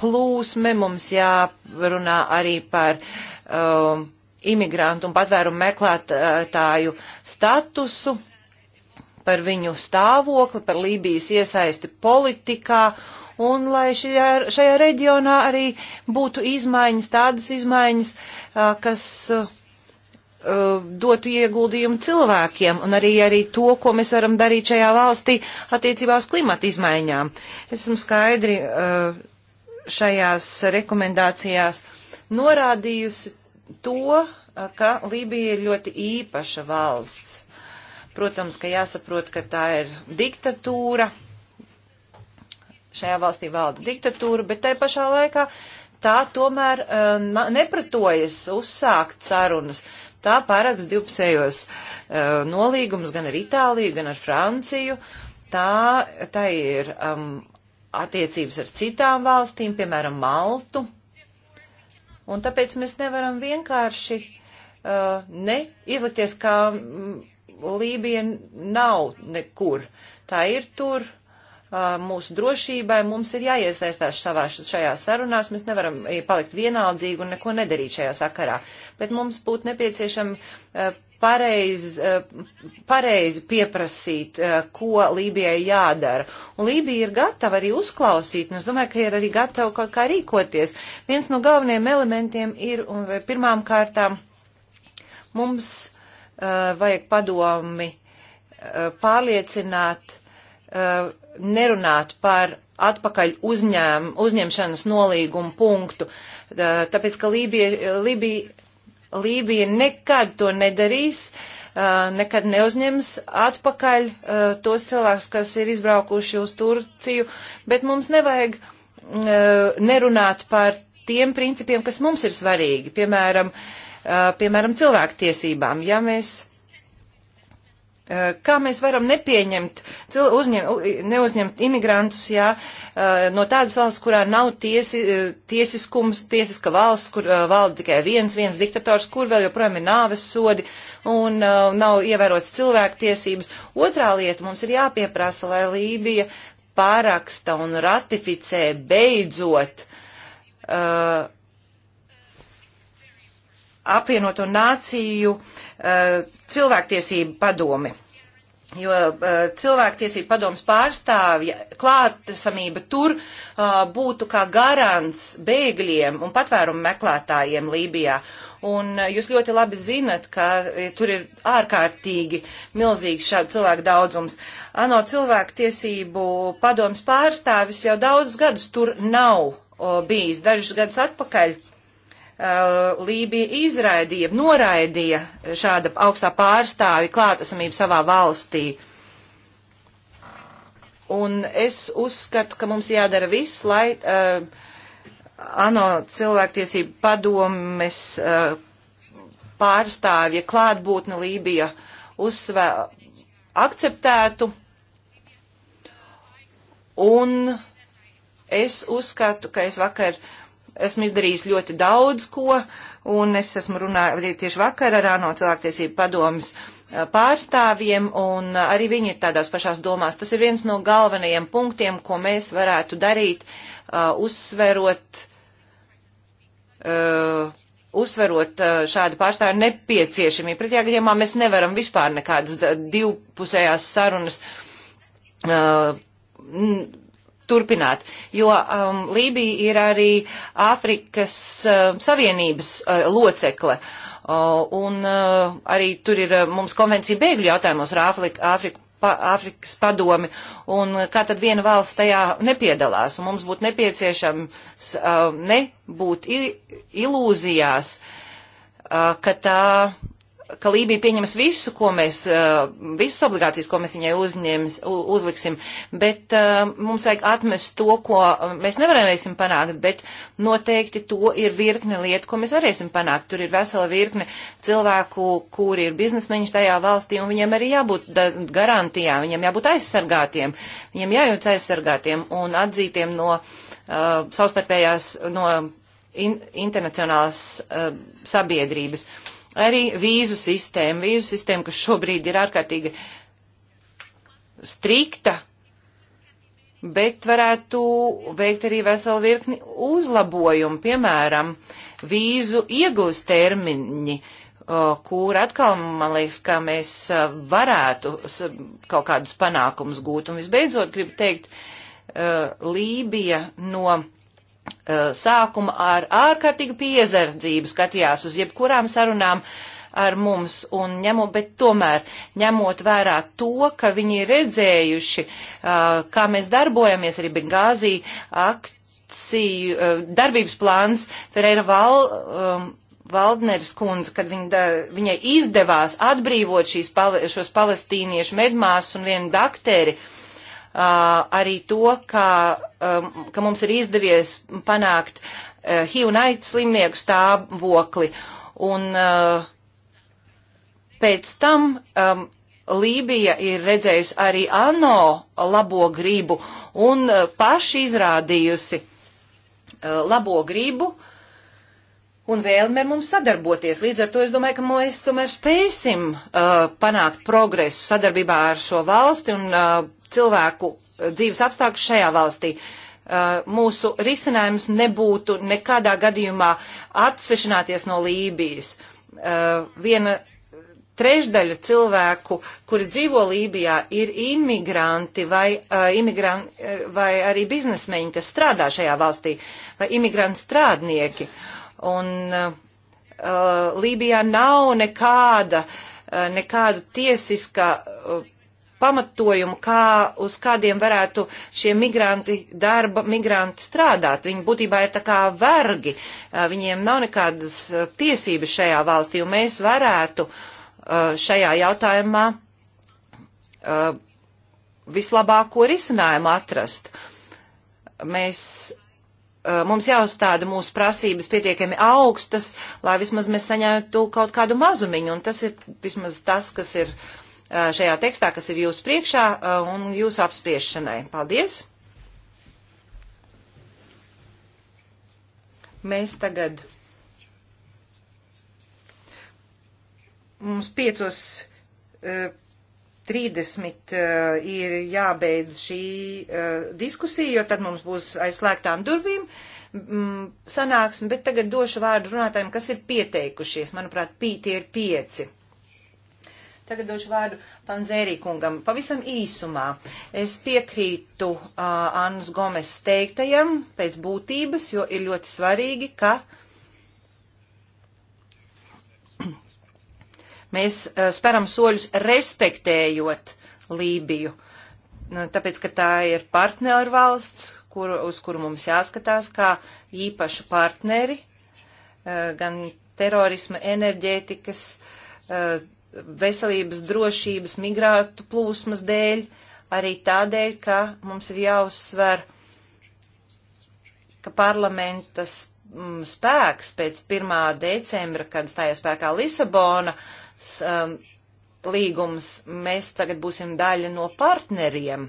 plūsme, mums jārunā arī par um, imigrantu un patvērumu meklētāju statusu, par viņu stāvokli, par Lībijas iesaisti politikā un lai šajā, šajā reģionā arī būtu izmaiņas, tādas izmaiņas, uh, kas uh, dotu ieguldījumu cilvēkiem un arī, arī to, ko mēs varam darīt šajā valstī attiecībā uz klimata izmaiņām. Es esmu skaidri uh, šajās rekomendācijās norādījusi to, ka Lībija ir ļoti īpaša valsts. Protams, ka jāsaprot, ka tā ir diktatūra. Šajā valstī valda diktatūra, bet tai pašā laikā tā tomēr uh, nepratojas uzsākt sarunas. Tā paraks divpusējos uh, nolīgumus gan ar Itāliju, gan ar Franciju. Tā, tā ir um, attiecības ar citām valstīm, piemēram, Maltu. Un tāpēc mēs nevaram vienkārši uh, ne izlikties, ka mm, Lībija nav nekur. Tā ir tur uh, mūsu drošībai, mums ir jāiesaistās savā šajā sarunās, mēs nevaram eh, palikt vienaldzīgi un neko nedarīt šajā sakarā, bet mums būtu nepieciešama uh, pareiz, eh, pareizi pieprasīt, eh, ko Lībijai jādara. Un Lībija ir gatava arī uzklausīt, un es domāju, ka ir arī gatava kaut kā rīkoties. Viens no galvenajiem elementiem ir, un pirmām kārtām mums uh, vajag padomi uh, pārliecināt, uh, nerunāt par atpakaļ uzņēm, uzņemšanas nolīgumu punktu, tāpēc, ka Lībija, Lībija Lībija nekad to nedarīs, nekad neuzņems atpakaļ tos cilvēkus, kas ir izbraukuši uz Turciju, bet mums nevajag nerunāt par tiem principiem, kas mums ir svarīgi, piemēram, piemēram cilvēktiesībām. Ja mēs Eh, kā mēs varam nepieņemt, uzņem, neuzņemt imigrantus, ja eh, no tādas valsts, kurā nav tiesi, eh, tiesiskums, tiesiska valsts, kur valda tikai viens, viens diktators, kur vēl joprojām ir nāves sodi un nav ievērots cilvēktiesības. Otrā lieta mums ir jāpieprasa, lai Lībija pāraksta un ratificē beidzot uh, apvienoto nāciju eh, cilvēktiesību padomi. Jo eh, cilvēktiesību padomas pārstāvja klātesamība tur eh, būtu kā garants bēgļiem un patvērumu meklētājiem Lībijā. Un jūs ļoti labi zinat, ka tur ir ārkārtīgi milzīgs šādu cilvēku daudzums. ANO cilvēktiesību padomas pārstāvis jau daudzus gadus tur nav o, bijis. Dažus gadus atpakaļ Uh, Lībija izraidīja, noraidīja šāda augstā pārstāvi klātesamību savā valstī. Un es uzskatu, ka mums jādara viss, lai uh, ANO cilvēktiesību padomes uh, pārstāvja klātbūtne Lībija uzsvē, akceptētu. Un es uzskatu, ka es vakar uh, esmu izdarījis ļoti daudz ko, un es esmu runājis tieši vakar ar ANO cilvēktiesību padomas pārstāvjiem, un arī viņi ir tādās pašās domās. Tas ir viens no galvenajiem punktiem, ko mēs varētu darīt, uh, uzsverot, uh, uzsverot uh, šādu pārstāvju nepieciešamību. Pretējā gadījumā mēs nevaram vispār nekādas divpusējās sarunas turpināt, jo um, Lībija ir arī Āfrikas uh, Savienības uh, locekle. Uh, un uh, arī tur ir uh, mums konvencija bēgļu jautājumos ar Āfriku, Āfriku pa, Āfrikas padomi, un uh, kā tad viena valsts tajā nepiedalās, un mums būtu nepieciešams uh, nebūt ilūzijās, uh, ka tā ka Lībija pieņems visu, ko mēs, eh, visas obligācijas, ko mēs viņai uzņems, uzliksim, bet eh, mums vajag atmest to, ko eh, mēs nevarēsim panākt, bet noteikti to ir virkne lietu, ko mēs varēsim panākt. Tur ir vesela virkne cilvēku, kuri ir biznesmeņi tajā valstī, un viņiem arī jābūt garantijām, viņiem jābūt aizsargātiem, viņiem jājūtas aizsargātiem un atzītiem no uh, savstarpējās, no in, internacionālās uh, sabiedrības. Uh, Arī vīzu sistēma, vīzu sistēma, kas šobrīd ir ārkārtīgi strikta, bet varētu veikt arī veselu virkni uzlabojumu, piemēram, vīzu iegūst termiņi, kur atkal, man liekas, ka mēs varētu kaut kādus panākumus gūt. Un visbeidzot, gribu teikt, Lībija no Eh, sākuma ar ārkārtīgu piezardzību skatījās uz jebkurām sarunām ar mums, un ņemot, bet tomēr ņemot vērā to, ka viņi ir redzējuši, eh, kā mēs darbojamies arī Bengāzī, akciju, eh, darbības plāns Ferreira Val, um, Valdneres kundze, kad viņa, da, viņai izdevās atbrīvot šīs, pal šos palestīniešu medmās un vienu dakteri, uh, Uh, arī to, ka, um, ka mums ir izdevies panākt HIV un AIDS slimnieku stāvokli. Un uh, pēc tam um, Lībija ir redzējusi arī ANO labo gribu un uh, paši izrādījusi labo gribu un vēlme mums sadarboties. Līdz ar to es domāju, ka mēs tomēr spēsim uh, panākt progresu sadarbībā ar šo valsti un uh, cilvēku eh, dzīves apstākļus šajā valstī. Eh, mūsu risinājums nebūtu nekādā gadījumā atsvešināties no Lībijas. Eh, viena trešdaļa cilvēku, kuri dzīvo Lībijā, ir imigranti vai, uh, imigran, vai arī biznesmeņi, kas strādā šajā valstī, vai imigrantu strādnieki. Un uh, Lībijā nav nekāda, uh, nekādu tiesiska. Uh, pamatojumu, kā uz kādiem varētu šie migranti, darba migranti strādāt. Viņi būtībā ir tā kā vergi, eh, viņiem nav nekādas eh, tiesības šajā valstī, un mēs varētu eh, šajā jautājumā vislabāko risinājumu atrast. Mēs mums jāuzstāda mūsu prasības pietiekami augstas, lai vismaz mēs saņemtu kaut kādu mazumiņu, un tas ir vismaz tas, kas ir uh, Eh, šajā tekstā, kas ir jūsu priekšā eh, un jūsu apspriešanai. Paldies! Mēs tagad. Mums piecos. 30 uh, eh, ir jābeidz šī uh, diskusija, jo tad mums būs aizslēgtām durvīm mm, sanāksme, bet tagad došu vārdu runātājiem, kas ir pieteikušies. Manuprāt, pī, tie ir pieci. Tagad došu vārdu Panzērī kungam. Pavisam īsumā. Es piekrītu uh, Annas Gomes teiktajam pēc būtības, jo ir ļoti svarīgi, ka mēs uh, speram soļus respektējot Lībiju. Nu, tāpēc, ka tā ir partneru valsts, kur, uz kuru mums jāskatās kā īpašu partneri, uh, gan terorisma, enerģētikas, uh, veselības drošības migrātu plūsmas dēļ, arī tādēļ, ka mums ir jāuzsver, ka parlamentas mm, spēks pēc 1. decembra, kad stājās spēkā Lisabona um, līgums, mēs tagad būsim daļa no partneriem.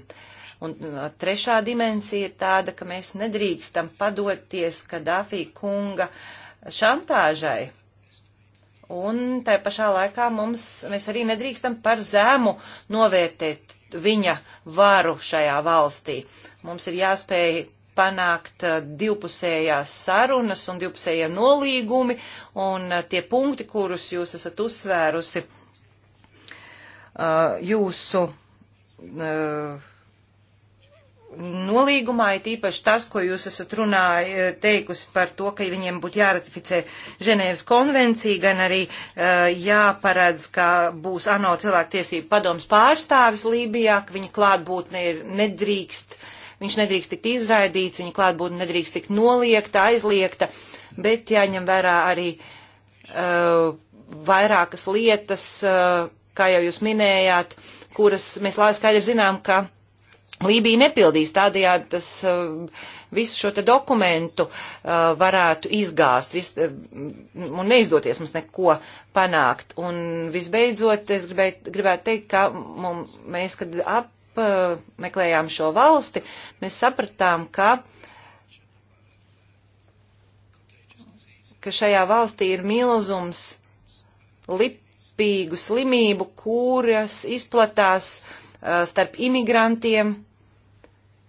Un no, trešā dimensija ir tāda, ka mēs nedrīkstam padoties Kadafī kunga šantāžai Un tai pašā laikā mums, mēs arī nedrīkstam par zēmu novērtēt viņa varu šajā valstī. Mums ir jāspēj panākt eh, divpusējās sarunas un divpusējie nolīgumi un eh, tie punkti, kurus jūs esat uzsvērusi eh, jūsu nolīgumā, ir tīpaši tas, ko jūs esat runāju e, teikusi par to, ka viņiem būtu jāratificē Ženēvas konvencija, gan arī uh, jāparedz, ka būs ANO cilvēktiesību padoms pārstāvis Lībijā, ka viņa klātbūtne ir nedrīkst, viņš nedrīkst tikt izraidīts, viņa klātbūtne nedrīkst tikt noliekta, aizliegta, bet jāņem vērā arī uh, vairākas lietas, uh, kā jau jūs minējāt, kuras mēs lai skaidri zinām, ka Lībija nepildīs tādējādi tas uh, visu šo te dokumentu uh, varētu izgāzt vis, uh, un neizdoties mums neko panākt. Un visbeidzot, es gribētu, gribētu teikt, ka mums, mēs, kad apmeklējām šo valsti, mēs sapratām, ka, ka šajā valstī ir milzums lipīgu slimību, kuras izplatās uh, Eh, starp imigrantiem,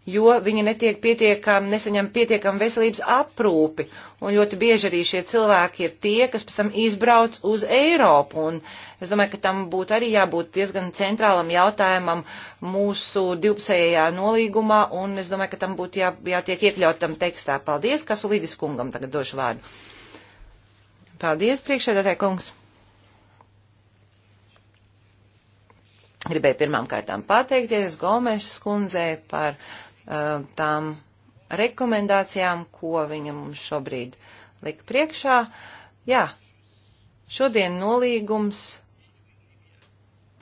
jo viņi netiek pietiekami, nesaņem pietiekami veselības aprūpi. Un ļoti bieži arī šie cilvēki ir tie, kas pēc tam izbrauc uz Eiropu. Un es domāju, ka tam būtu arī jābūt diezgan centrālam jautājumam mūsu divpusējā nolīgumā, un es domāju, ka tam būtu jā, jātiek iekļautam tekstā. Paldies, Kasulīdis kungam tagad došu vārdu. Paldies, priekšēdētāji kungs. Gribēju pirmām kārtām pateikties Gomešas kundzei par uh, tām rekomendācijām, ko viņa mums šobrīd lika priekšā. Jā, šodien nolīgums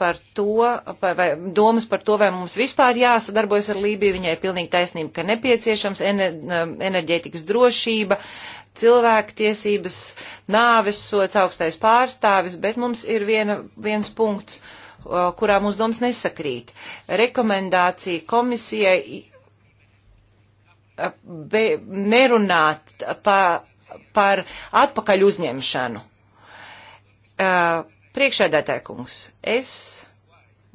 par to, par, vai domas par to, vai mums vispār jāsadarbojas ar Lībiju, viņai pilnīgi taisnība, ka nepieciešams ener, um, enerģētikas drošība, cilvēktiesības, nāves sots, augstais pārstāvis, bet mums ir viena, viens punkts, uh, kurām uzdoms nesakrīt. Rekomendācija komisijai be, nerunāt pa, par atpakaļ uzņemšanu. Priekšēdētāj kungs, es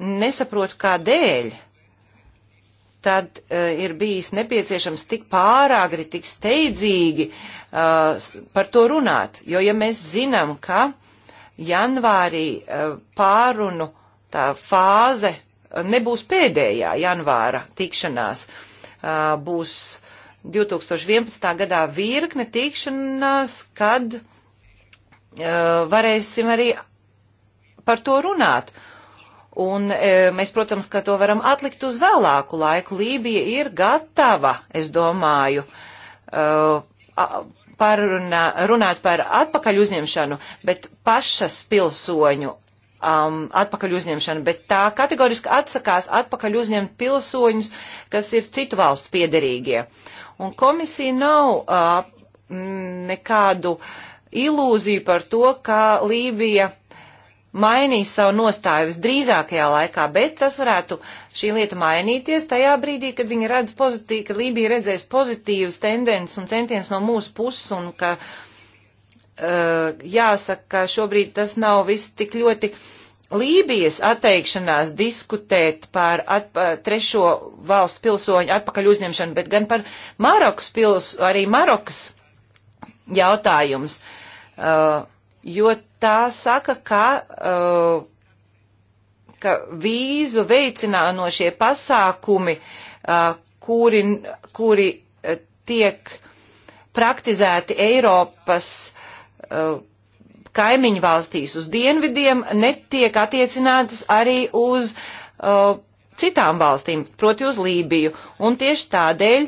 nesaprotu, kādēļ tad uh, ir bijis nepieciešams tik pārāgri, tik steidzīgi uh, par to runāt. Jo, ja mēs zinām, ka janvārī uh, pārunu uh, fāze nebūs pēdējā janvāra tikšanās. Būs 2011. gadā virkne tikšanās, kad varēsim arī par to runāt. Un e, mēs, protams, ka to varam atlikt uz vēlāku laiku. Lībija ir gatava, es domāju, e, parunā, runāt par atpakaļ uzņemšanu, bet pašas pilsoņu um, atpakaļ uzņemšanu, bet tā kategoriski atsakās atpakaļ uzņemt pilsoņus, kas ir citu valstu piederīgie. Un komisija nav uh, nekādu ilūziju par to, ka Lībija mainīs savu nostāju visdrīzākajā laikā, bet tas varētu šī lieta mainīties tajā brīdī, kad viņi redz pozitīvi, ka Lībija redzēs pozitīvas tendences un centiens no mūsu puses un ka uh, Eh, jāsaka, ka šobrīd tas nav viss tik ļoti Lībijas atteikšanās diskutēt par atpa, trešo valstu pilsoņu atpakaļ uzņemšanu, bet gan par Marokas pils, arī Marokas jautājums, uh, jo tā saka, ka, uh, ka vīzu veicinānošie pasākumi, uh, kuri, kuri tiek praktizēti Eiropas Uh, kaimiņu valstīs uz dienvidiem netiek attiecinātas arī uz uh, citām valstīm, proti uz Lībiju. Un tieši tādēļ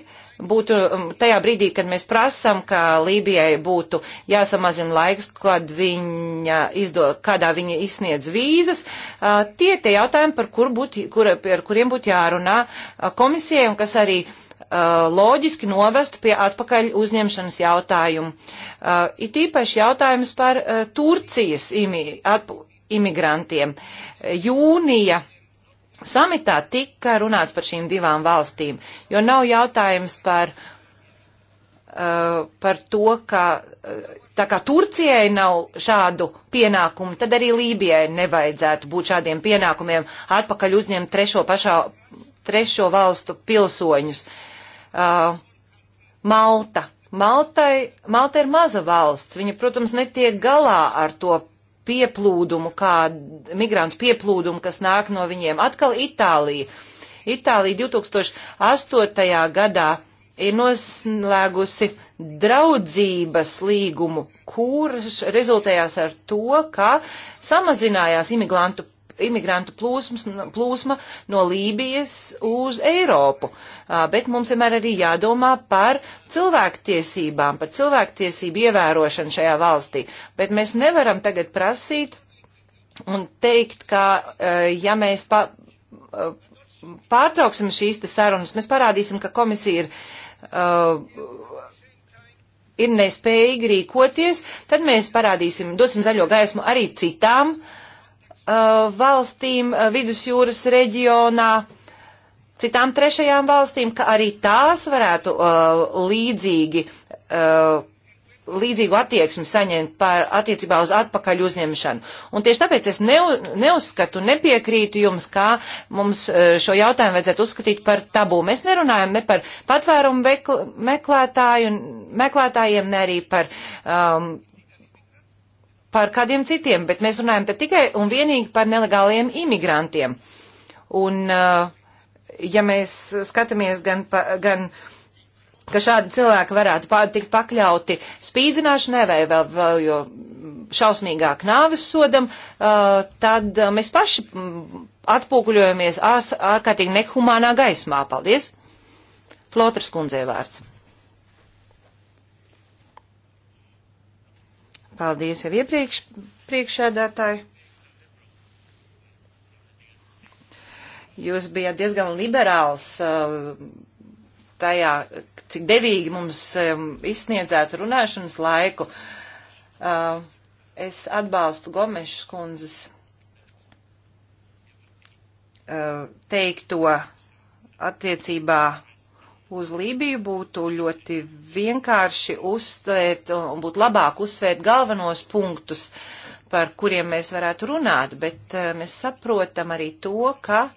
būtu um, tajā brīdī, kad mēs prasam, ka Lībijai būtu jāsamazina laiks, kad viņa izdo, kādā viņa izsniedz vīzas, uh, tie tie jautājumi, par, kur būtu, kur, par kuriem būtu jārunā uh, komisijai un kas arī uh, Uh, loģiski novestu pie atpakaļ uzņemšanas jautājumu. Uh, it īpaši jautājums par uh, Turcijas imi, atp, imigrantiem. Jūnija samitā tika runāts par šīm divām valstīm, jo nav jautājums par, uh, par to, ka uh, tā kā Turcijai nav šādu pienākumu, tad arī Lībijai nevajadzētu būt šādiem pienākumiem atpakaļ uzņemt trešo, pašā, trešo valstu pilsoņus. Uh, uh, Malta. Maltai, Malta ir maza valsts. Viņa, protams, netiek galā ar to pieplūdumu, kā migrantu pieplūdumu, kas nāk no viņiem. Atkal Itālija. Itālija 2008. gadā ir noslēgusi draudzības līgumu, kurš rezultējās ar to, ka samazinājās imigrantu imigrantu plūsmas, plūsma no Lībijas uz Eiropu. Bet mums vienmēr arī jādomā par cilvēktiesībām, par cilvēktiesību ievērošanu šajā valstī. Bet mēs nevaram tagad prasīt un teikt, ka ja mēs pa, pārtrauksim šīs te sarunas, mēs parādīsim, ka komisija ir. Uh, ir nespējīgi rīkoties, tad mēs parādīsim, dosim zaļo gaismu arī citām uh, Uh, valstīm uh, vidusjūras reģionā, citām trešajām valstīm, ka arī tās varētu uh, līdzīgi, līdzīgu attieksmi saņemt par attiecībā uz atpakaļ uzņemšanu. Un tieši tāpēc es ne, neuzskatu, nepiekrītu jums, kā mums šo jautājumu vajadzētu uzskatīt par tabū. Mēs nerunājam ne par patvērumu meklētāju, meklētājiem, ne arī par um, par kādiem citiem, bet mēs runājam te tikai un vienīgi par nelegāliem imigrantiem. Un, uh, ja mēs skatāmies gan, pa, gan ka šādi cilvēki varētu pār, tikt pakļauti spīdzināšanai vai vēl, vēl jo šausmīgāk nāves sodam, uh, tad uh, mēs paši mm, atspūkuļojamies ārkārtīgi nehumānā gaismā. Paldies! Flotras kundzei vārds. Paldies jau iepriekš priekšēdētāji. Jūs bijat diezgan liberāls uh, tajā, cik devīgi mums um, izsniedzētu runāšanas laiku. Uh, es atbalstu Gomešas kundzes uh, teikto attiecībā uz Lībiju būtu ļoti vienkārši uztvērt un būtu labāk uzsvērt galvenos punktus, par kuriem mēs varētu runāt, bet eh, mēs saprotam arī to, ka,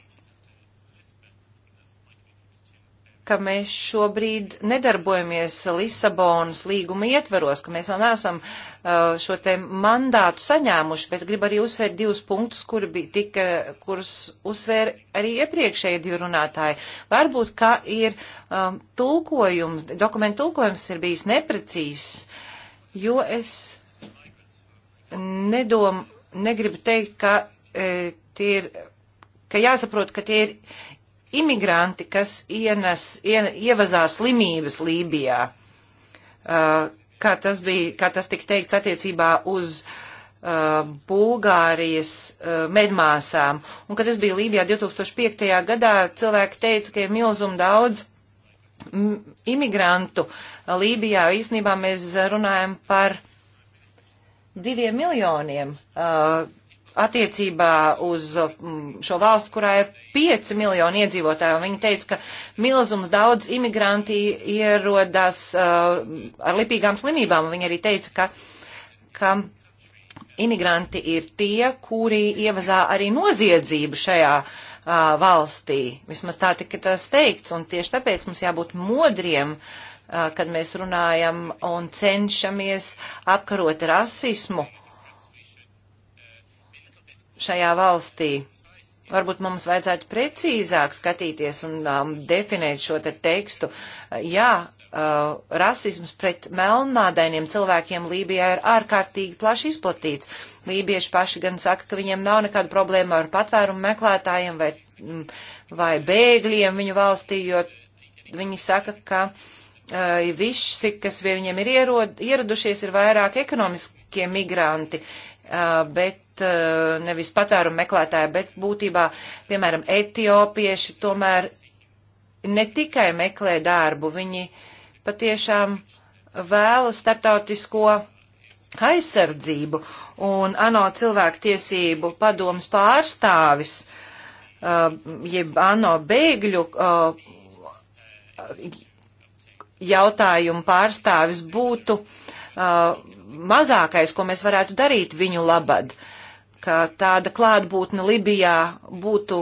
ka mēs šobrīd nedarbojamies Lisabonas līguma ietveros, ka mēs vēl neesam uh, Uh, šo te mandātu saņēmuši, bet gribu arī uzsvērt divus punktus, kuri bija tika, kurus uzsvēra arī iepriekšēji divi runātāji. Varbūt, ka ir um, tulkojums, dokumentu tulkojums ir bijis neprecīzs, jo es nedom, negribu teikt, ka e, tie ir, ka jāsaprot, ka tie ir imigranti, kas ienes, ien, ievazā slimības Lībijā. Uh, kā tas, bija, kā tas tika teikts attiecībā uz uh, Bulgārijas uh, medmāsām. Un, kad es biju Lībijā 2005. gadā, cilvēki teica, ka ir milzum daudz imigrantu Lībijā. Īsnībā mēs runājam par diviem miljoniem uh, attiecībā uz mm, šo valstu, kurā ir 5 miljoni iedzīvotāju. Viņi teica, ka milzums daudz imigranti ierodas uh, ar lipīgām slimībām. Viņi arī teica, ka, ka imigranti ir tie, kuri ievazā arī noziedzību šajā uh, valstī. Vismaz tā tika tas teikts, un tieši tāpēc mums jābūt modriem, uh, kad mēs runājam un cenšamies apkarot rasismu šajā valstī. Varbūt mums vajadzētu precīzāk skatīties un um, definēt šo te tekstu. Jā, uh, rasisms pret melnādainiem cilvēkiem Lībijā ir ārkārtīgi plaši izplatīts. Lībieši paši gan saka, ka viņiem nav nekāda problēma ar patvērumu meklētājiem vai, mm, vai bēgļiem viņu valstī, jo viņi saka, ka uh, visi, kas pie viņiem ir ierod, ieradušies, ir vairāk ekonomiski ekonomiskie migranti, Eh, bet eh, nevis patērumu meklētāji, bet būtībā, piemēram, etiopieši tomēr ne tikai meklē darbu, viņi patiešām vēlas starptautisko aizsardzību un ANO cilvēktiesību padomas pārstāvis, eh, jeb ANO bēgļu jautājumu pārstāvis būtu uh, mazākais, ko mēs varētu darīt viņu labad, ka tāda klātbūtne Libijā būtu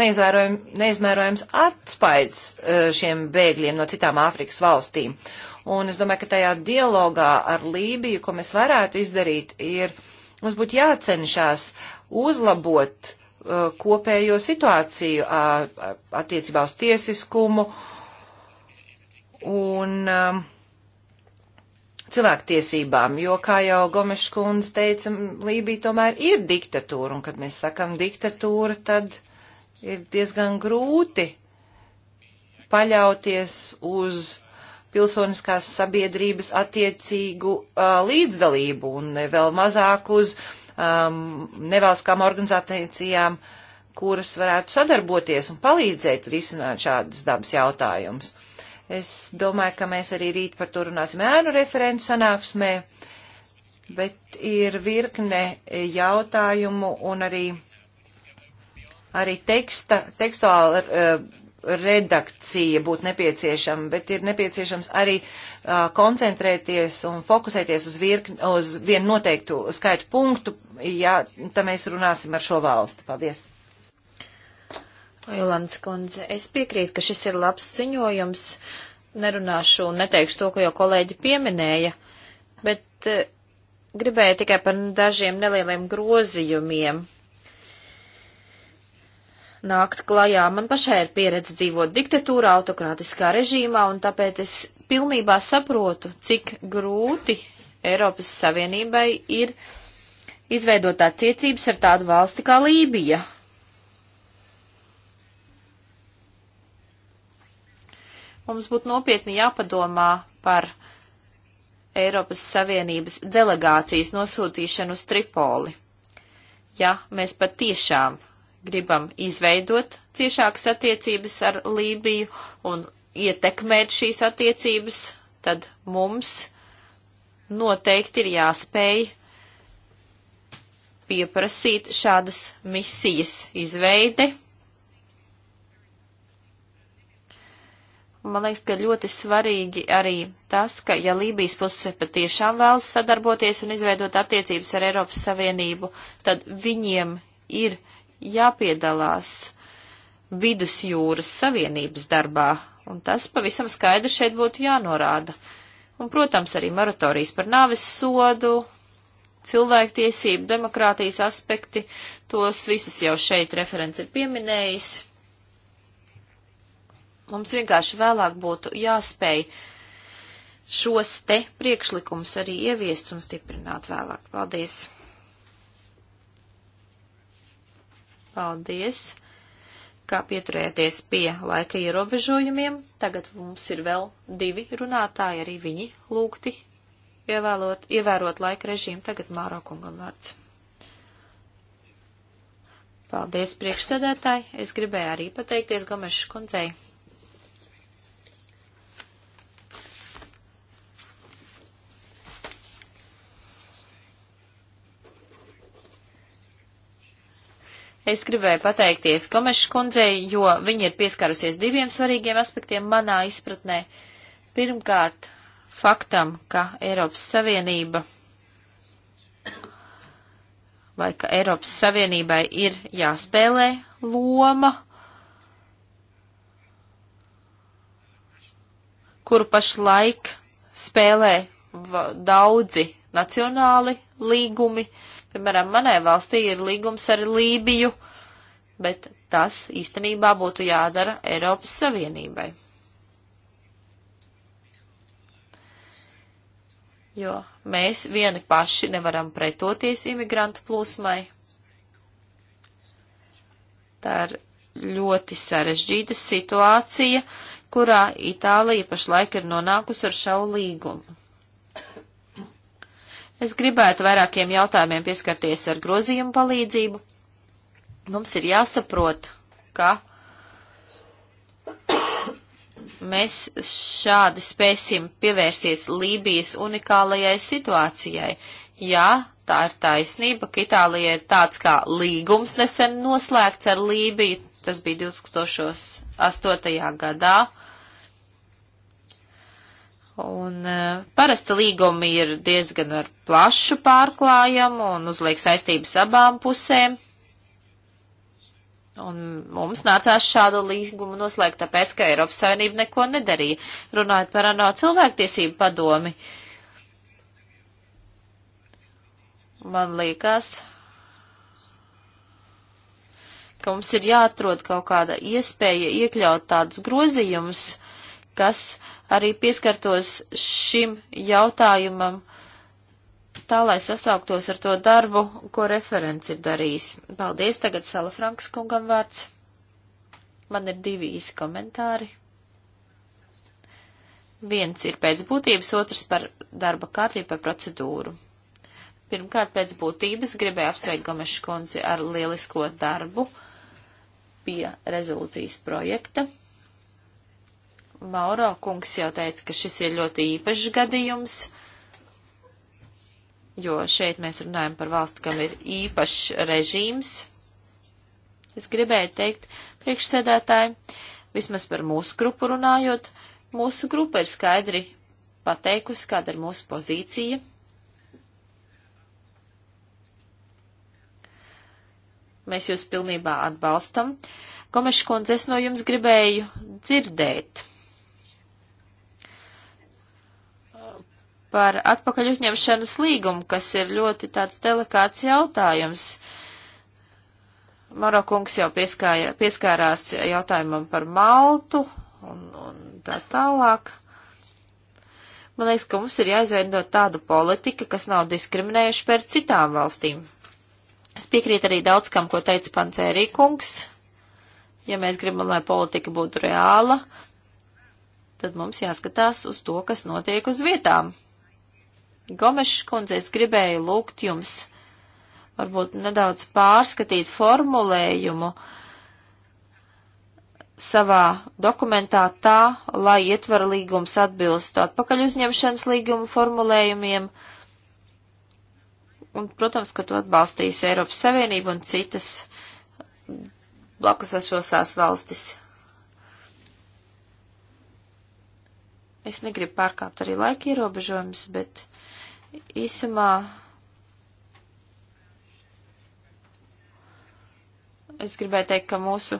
neizmērojams atspaids e, šiem bēgļiem no citām Āfrikas valstīm. Un es domāju, ka tajā dialogā ar Lībiju, ko mēs varētu izdarīt, ir mums būtu jācenšas uzlabot uh, kopējo situāciju uh, attiecībā uz tiesiskumu un uh, cilvēktiesībām, jo, kā jau Gomeša kundze teica, Lībija tomēr ir diktatūra, un kad mēs sakam diktatūra, tad ir diezgan grūti paļauties uz pilsoniskās sabiedrības attiecīgu uh, līdzdalību un vēl mazāk uz um, nevalstiskām organizācijām, kuras varētu sadarboties un palīdzēt risināt šādas dabas jautājumus. Es domāju, ka mēs arī rīt par to runāsim ēnu referentu sanāksmē, bet ir virkne jautājumu un arī, arī teksta, tekstuāla uh, redakcija būtu nepieciešama, bet ir nepieciešams arī uh, koncentrēties un fokusēties uz, virkni, uz vienu noteiktu skaitu punktu, ja tā mēs runāsim ar šo valsti. Paldies! Jolants kundze, es piekrītu, ka šis ir labs ziņojums. Nerunāšu un neteikšu to, ko jau kolēģi pieminēja, bet eh, gribēju tikai par dažiem nelieliem grozījumiem nākt klajā. Man pašai ir pieredze dzīvot diktatūrā, autokrātiskā režīmā, un tāpēc es pilnībā saprotu, cik grūti Eiropas Savienībai ir izveidot tā tiecības ar tādu valsti kā Lībija. Mums būtu nopietni jāpadomā par Eiropas Savienības delegācijas nosūtīšanu uz Tripoli. Ja mēs patiešām gribam izveidot ciešākas attiecības ar Lībiju un ietekmēt šīs attiecības, tad mums noteikti ir jāspēj pieprasīt šādas misijas izveidi Man liekas, ka ļoti svarīgi arī tas, ka ja Lībijas puse patiešām vēlas sadarboties un izveidot attiecības ar Eiropas Savienību, tad viņiem ir jāpiedalās vidusjūras savienības darbā, un tas pavisam skaidri šeit būtu jānorāda. Un, protams, arī moratorijas par nāves sodu, cilvēktiesību, demokrātijas aspekti, tos visus jau šeit referents ir pieminējis. Mums vienkārši vēlāk būtu jāspēj šos te priekšlikumus arī ieviest un stiprināt vēlāk. Paldies! Paldies! kā pieturēties pie laika ierobežojumiem. Tagad mums ir vēl divi runātāji, arī viņi lūgti ievēlot, ievērot laika režīmu. Tagad Māro kungam vārds. Paldies priekšsēdētāji. Es gribēju arī pateikties Gomešas kundzei. Es gribēju pateikties Komešas kundzei, jo viņa ir pieskarusies diviem svarīgiem aspektiem manā izpratnē. Pirmkārt, faktam, ka Eiropas Savienība vai ka Eiropas Savienībai ir jāspēlē loma, kuru pašlaik spēlē daudzi nacionāli līgumi, uh, Piemēram, manai valstī ir līgums ar Lībiju, bet tas īstenībā būtu jādara Eiropas Savienībai. Jo mēs vieni paši nevaram pretoties imigrantu plūsmai. Tā ir ļoti sarežģīta situācija, kurā Itālija pašlaik ir nonākusi ar šau līgumu. Es gribētu vairākiem jautājumiem pieskarties ar grozījumu palīdzību. Mums ir jāsaprot, ka mēs šādi spēsim pievērsties Lībijas unikālajai situācijai. Jā, tā ir taisnība, ka Itālija ir tāds kā līgums nesen noslēgts ar Lībiju, tas bija 2008. gadā. Un e, parasti līgumi ir diezgan ar plašu pārklājumu un uzliek saistības abām pusēm. Un mums nācās šādu līgumu noslēgt, tāpēc, ka Eiropas Savienība neko nedarīja. Runājot par ANO cilvēktiesību padomi, man liekas, ka mums ir jāatrod kaut kāda iespēja iekļaut tādus grozījumus, kas uh, arī pieskartos šim jautājumam tā, lai sasauktos ar to darbu, ko referents ir darījis. Paldies, tagad Sala Franks kungam vārds. Man ir divi īsi komentāri. Viens ir pēc būtības, otrs par darba kārtību, par procedūru. Pirmkārt, pēc būtības gribēju apsveikt Gomešu kundzi ar lielisko darbu pie rezolūcijas projekta. Mauro kungs jau teica, ka šis ir ļoti īpašs gadījums, jo šeit mēs runājam par valsti, kam ir īpašs režīms. Es gribēju teikt priekšsēdētāji, vismaz par mūsu grupu runājot, mūsu grupa ir skaidri pateikusi, kāda ir mūsu pozīcija. Mēs jūs pilnībā atbalstam. Komeškundze, es no jums gribēju dzirdēt. par atpakaļ uzņemšanas līgumu, kas ir ļoti tāds delikāts jautājums. Marokungs jau pieskāja, pieskārās jautājumam par Maltu un, un tā tālāk. Man liekas, ka mums ir jāizveido tāda politika, kas nav diskriminējuši par citām valstīm. Es piekrītu arī daudz kam, ko teica Pancērī kungs. Ja mēs gribam, lai politika būtu reāla, tad mums jāskatās uz to, kas notiek uz vietām. Gomešs kundze, es gribēju lūgt jums varbūt nedaudz pārskatīt formulējumu savā dokumentā tā, lai ietvara līgums atbilstu atpakaļ uzņemšanas līguma formulējumiem. Un, protams, ka to atbalstīs Eiropas Savienība un citas blakus esošās valstis. Es negribu pārkāpt arī laika ierobežojumus, bet Īsumā es gribēju teikt, ka mūsu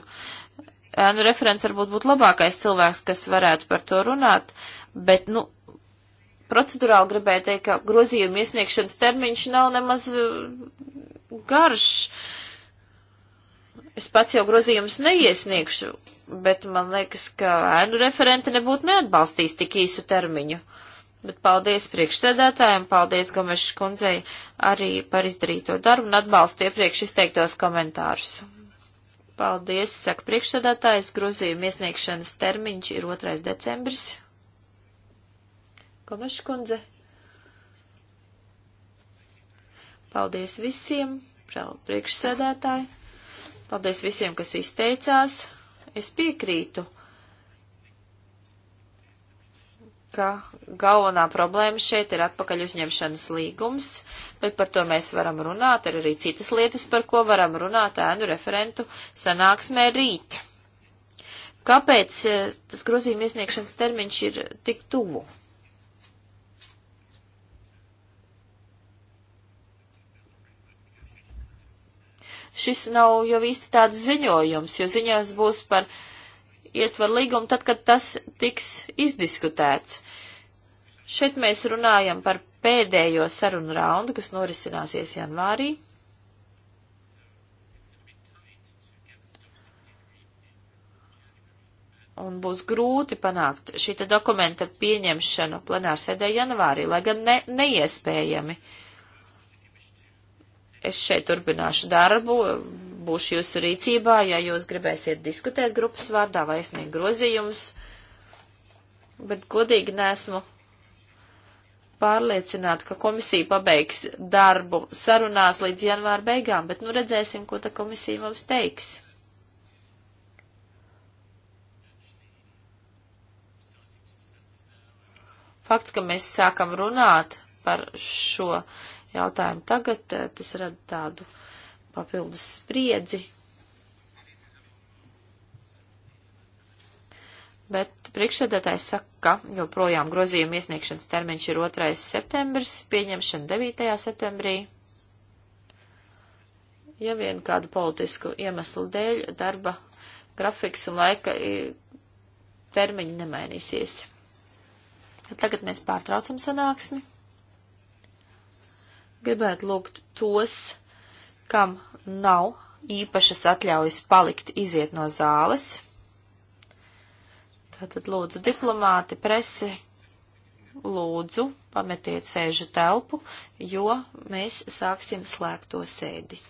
nu, referents varbūt būtu labākais cilvēks, kas varētu par to runāt, bet, nu, procedurāli gribēju teikt, ka grozījuma iesniegšanas termiņš nav nemaz garš. Es pats jau grozījumus neiesniegšu, bet man liekas, ka ēnu referenti nebūtu neatbalstījis tik īsu termiņu. Bet paldies priekšsēdētājiem, paldies Gomešas kundzei arī par izdarīto darbu un atbalstu iepriekš izteiktos komentārus. Paldies, saka priekšsēdētājs, grozījuma iesniegšanas termiņš ir 2. decembris. Komeša kundze. Paldies visiem, priekšsēdētāji. Paldies visiem, kas izteicās. Es piekrītu ka galvenā problēma šeit ir atpakaļ uzņemšanas līgums, bet par to mēs varam runāt, ir arī citas lietas, par ko varam runāt ēnu referentu sanāksmē rīt. Kāpēc eh, tas grozījuma iesniegšanas termiņš ir tik tuvu? Šis nav jau īsti tāds ziņojums, jo ziņojums būs par uh, ietver līgumu tad, kad tas tiks izdiskutēts. Šeit mēs runājam par pēdējo sarunu raundu, kas norisināsies janvārī. un būs grūti panākt šīta dokumenta pieņemšanu plenārsēdē janvārī, lai gan ne, neiespējami. Es šeit turpināšu darbu, būšu jūsu rīcībā, ja jūs gribēsiet diskutēt grupas vārdā vai sniegt grozījumus, bet godīgi nesmu pārliecināta, ka komisija pabeigs darbu sarunās līdz janvāra beigām, bet nu redzēsim, ko ta komisija mums teiks. Fakts, ka mēs sākam runāt par šo jautājumu tagad, eh, tas rada tādu uh, papildus spriedzi. Bet priekšsēdētājs saka, ka joprojām grozījuma iesniegšanas termiņš ir 2. septembris, pieņemšana 9. septembrī. Ja vien kādu politisku iemeslu dēļ darba grafiks un laika termiņi nemainīsies. Tagad mēs pārtraucam sanāksmi. Gribētu lūgt tos, kam nav īpašas atļaujas palikt iziet no zāles. Tātad lūdzu diplomāti, presi, lūdzu pametiet sēžu telpu, jo mēs sāksim slēgto sēdi.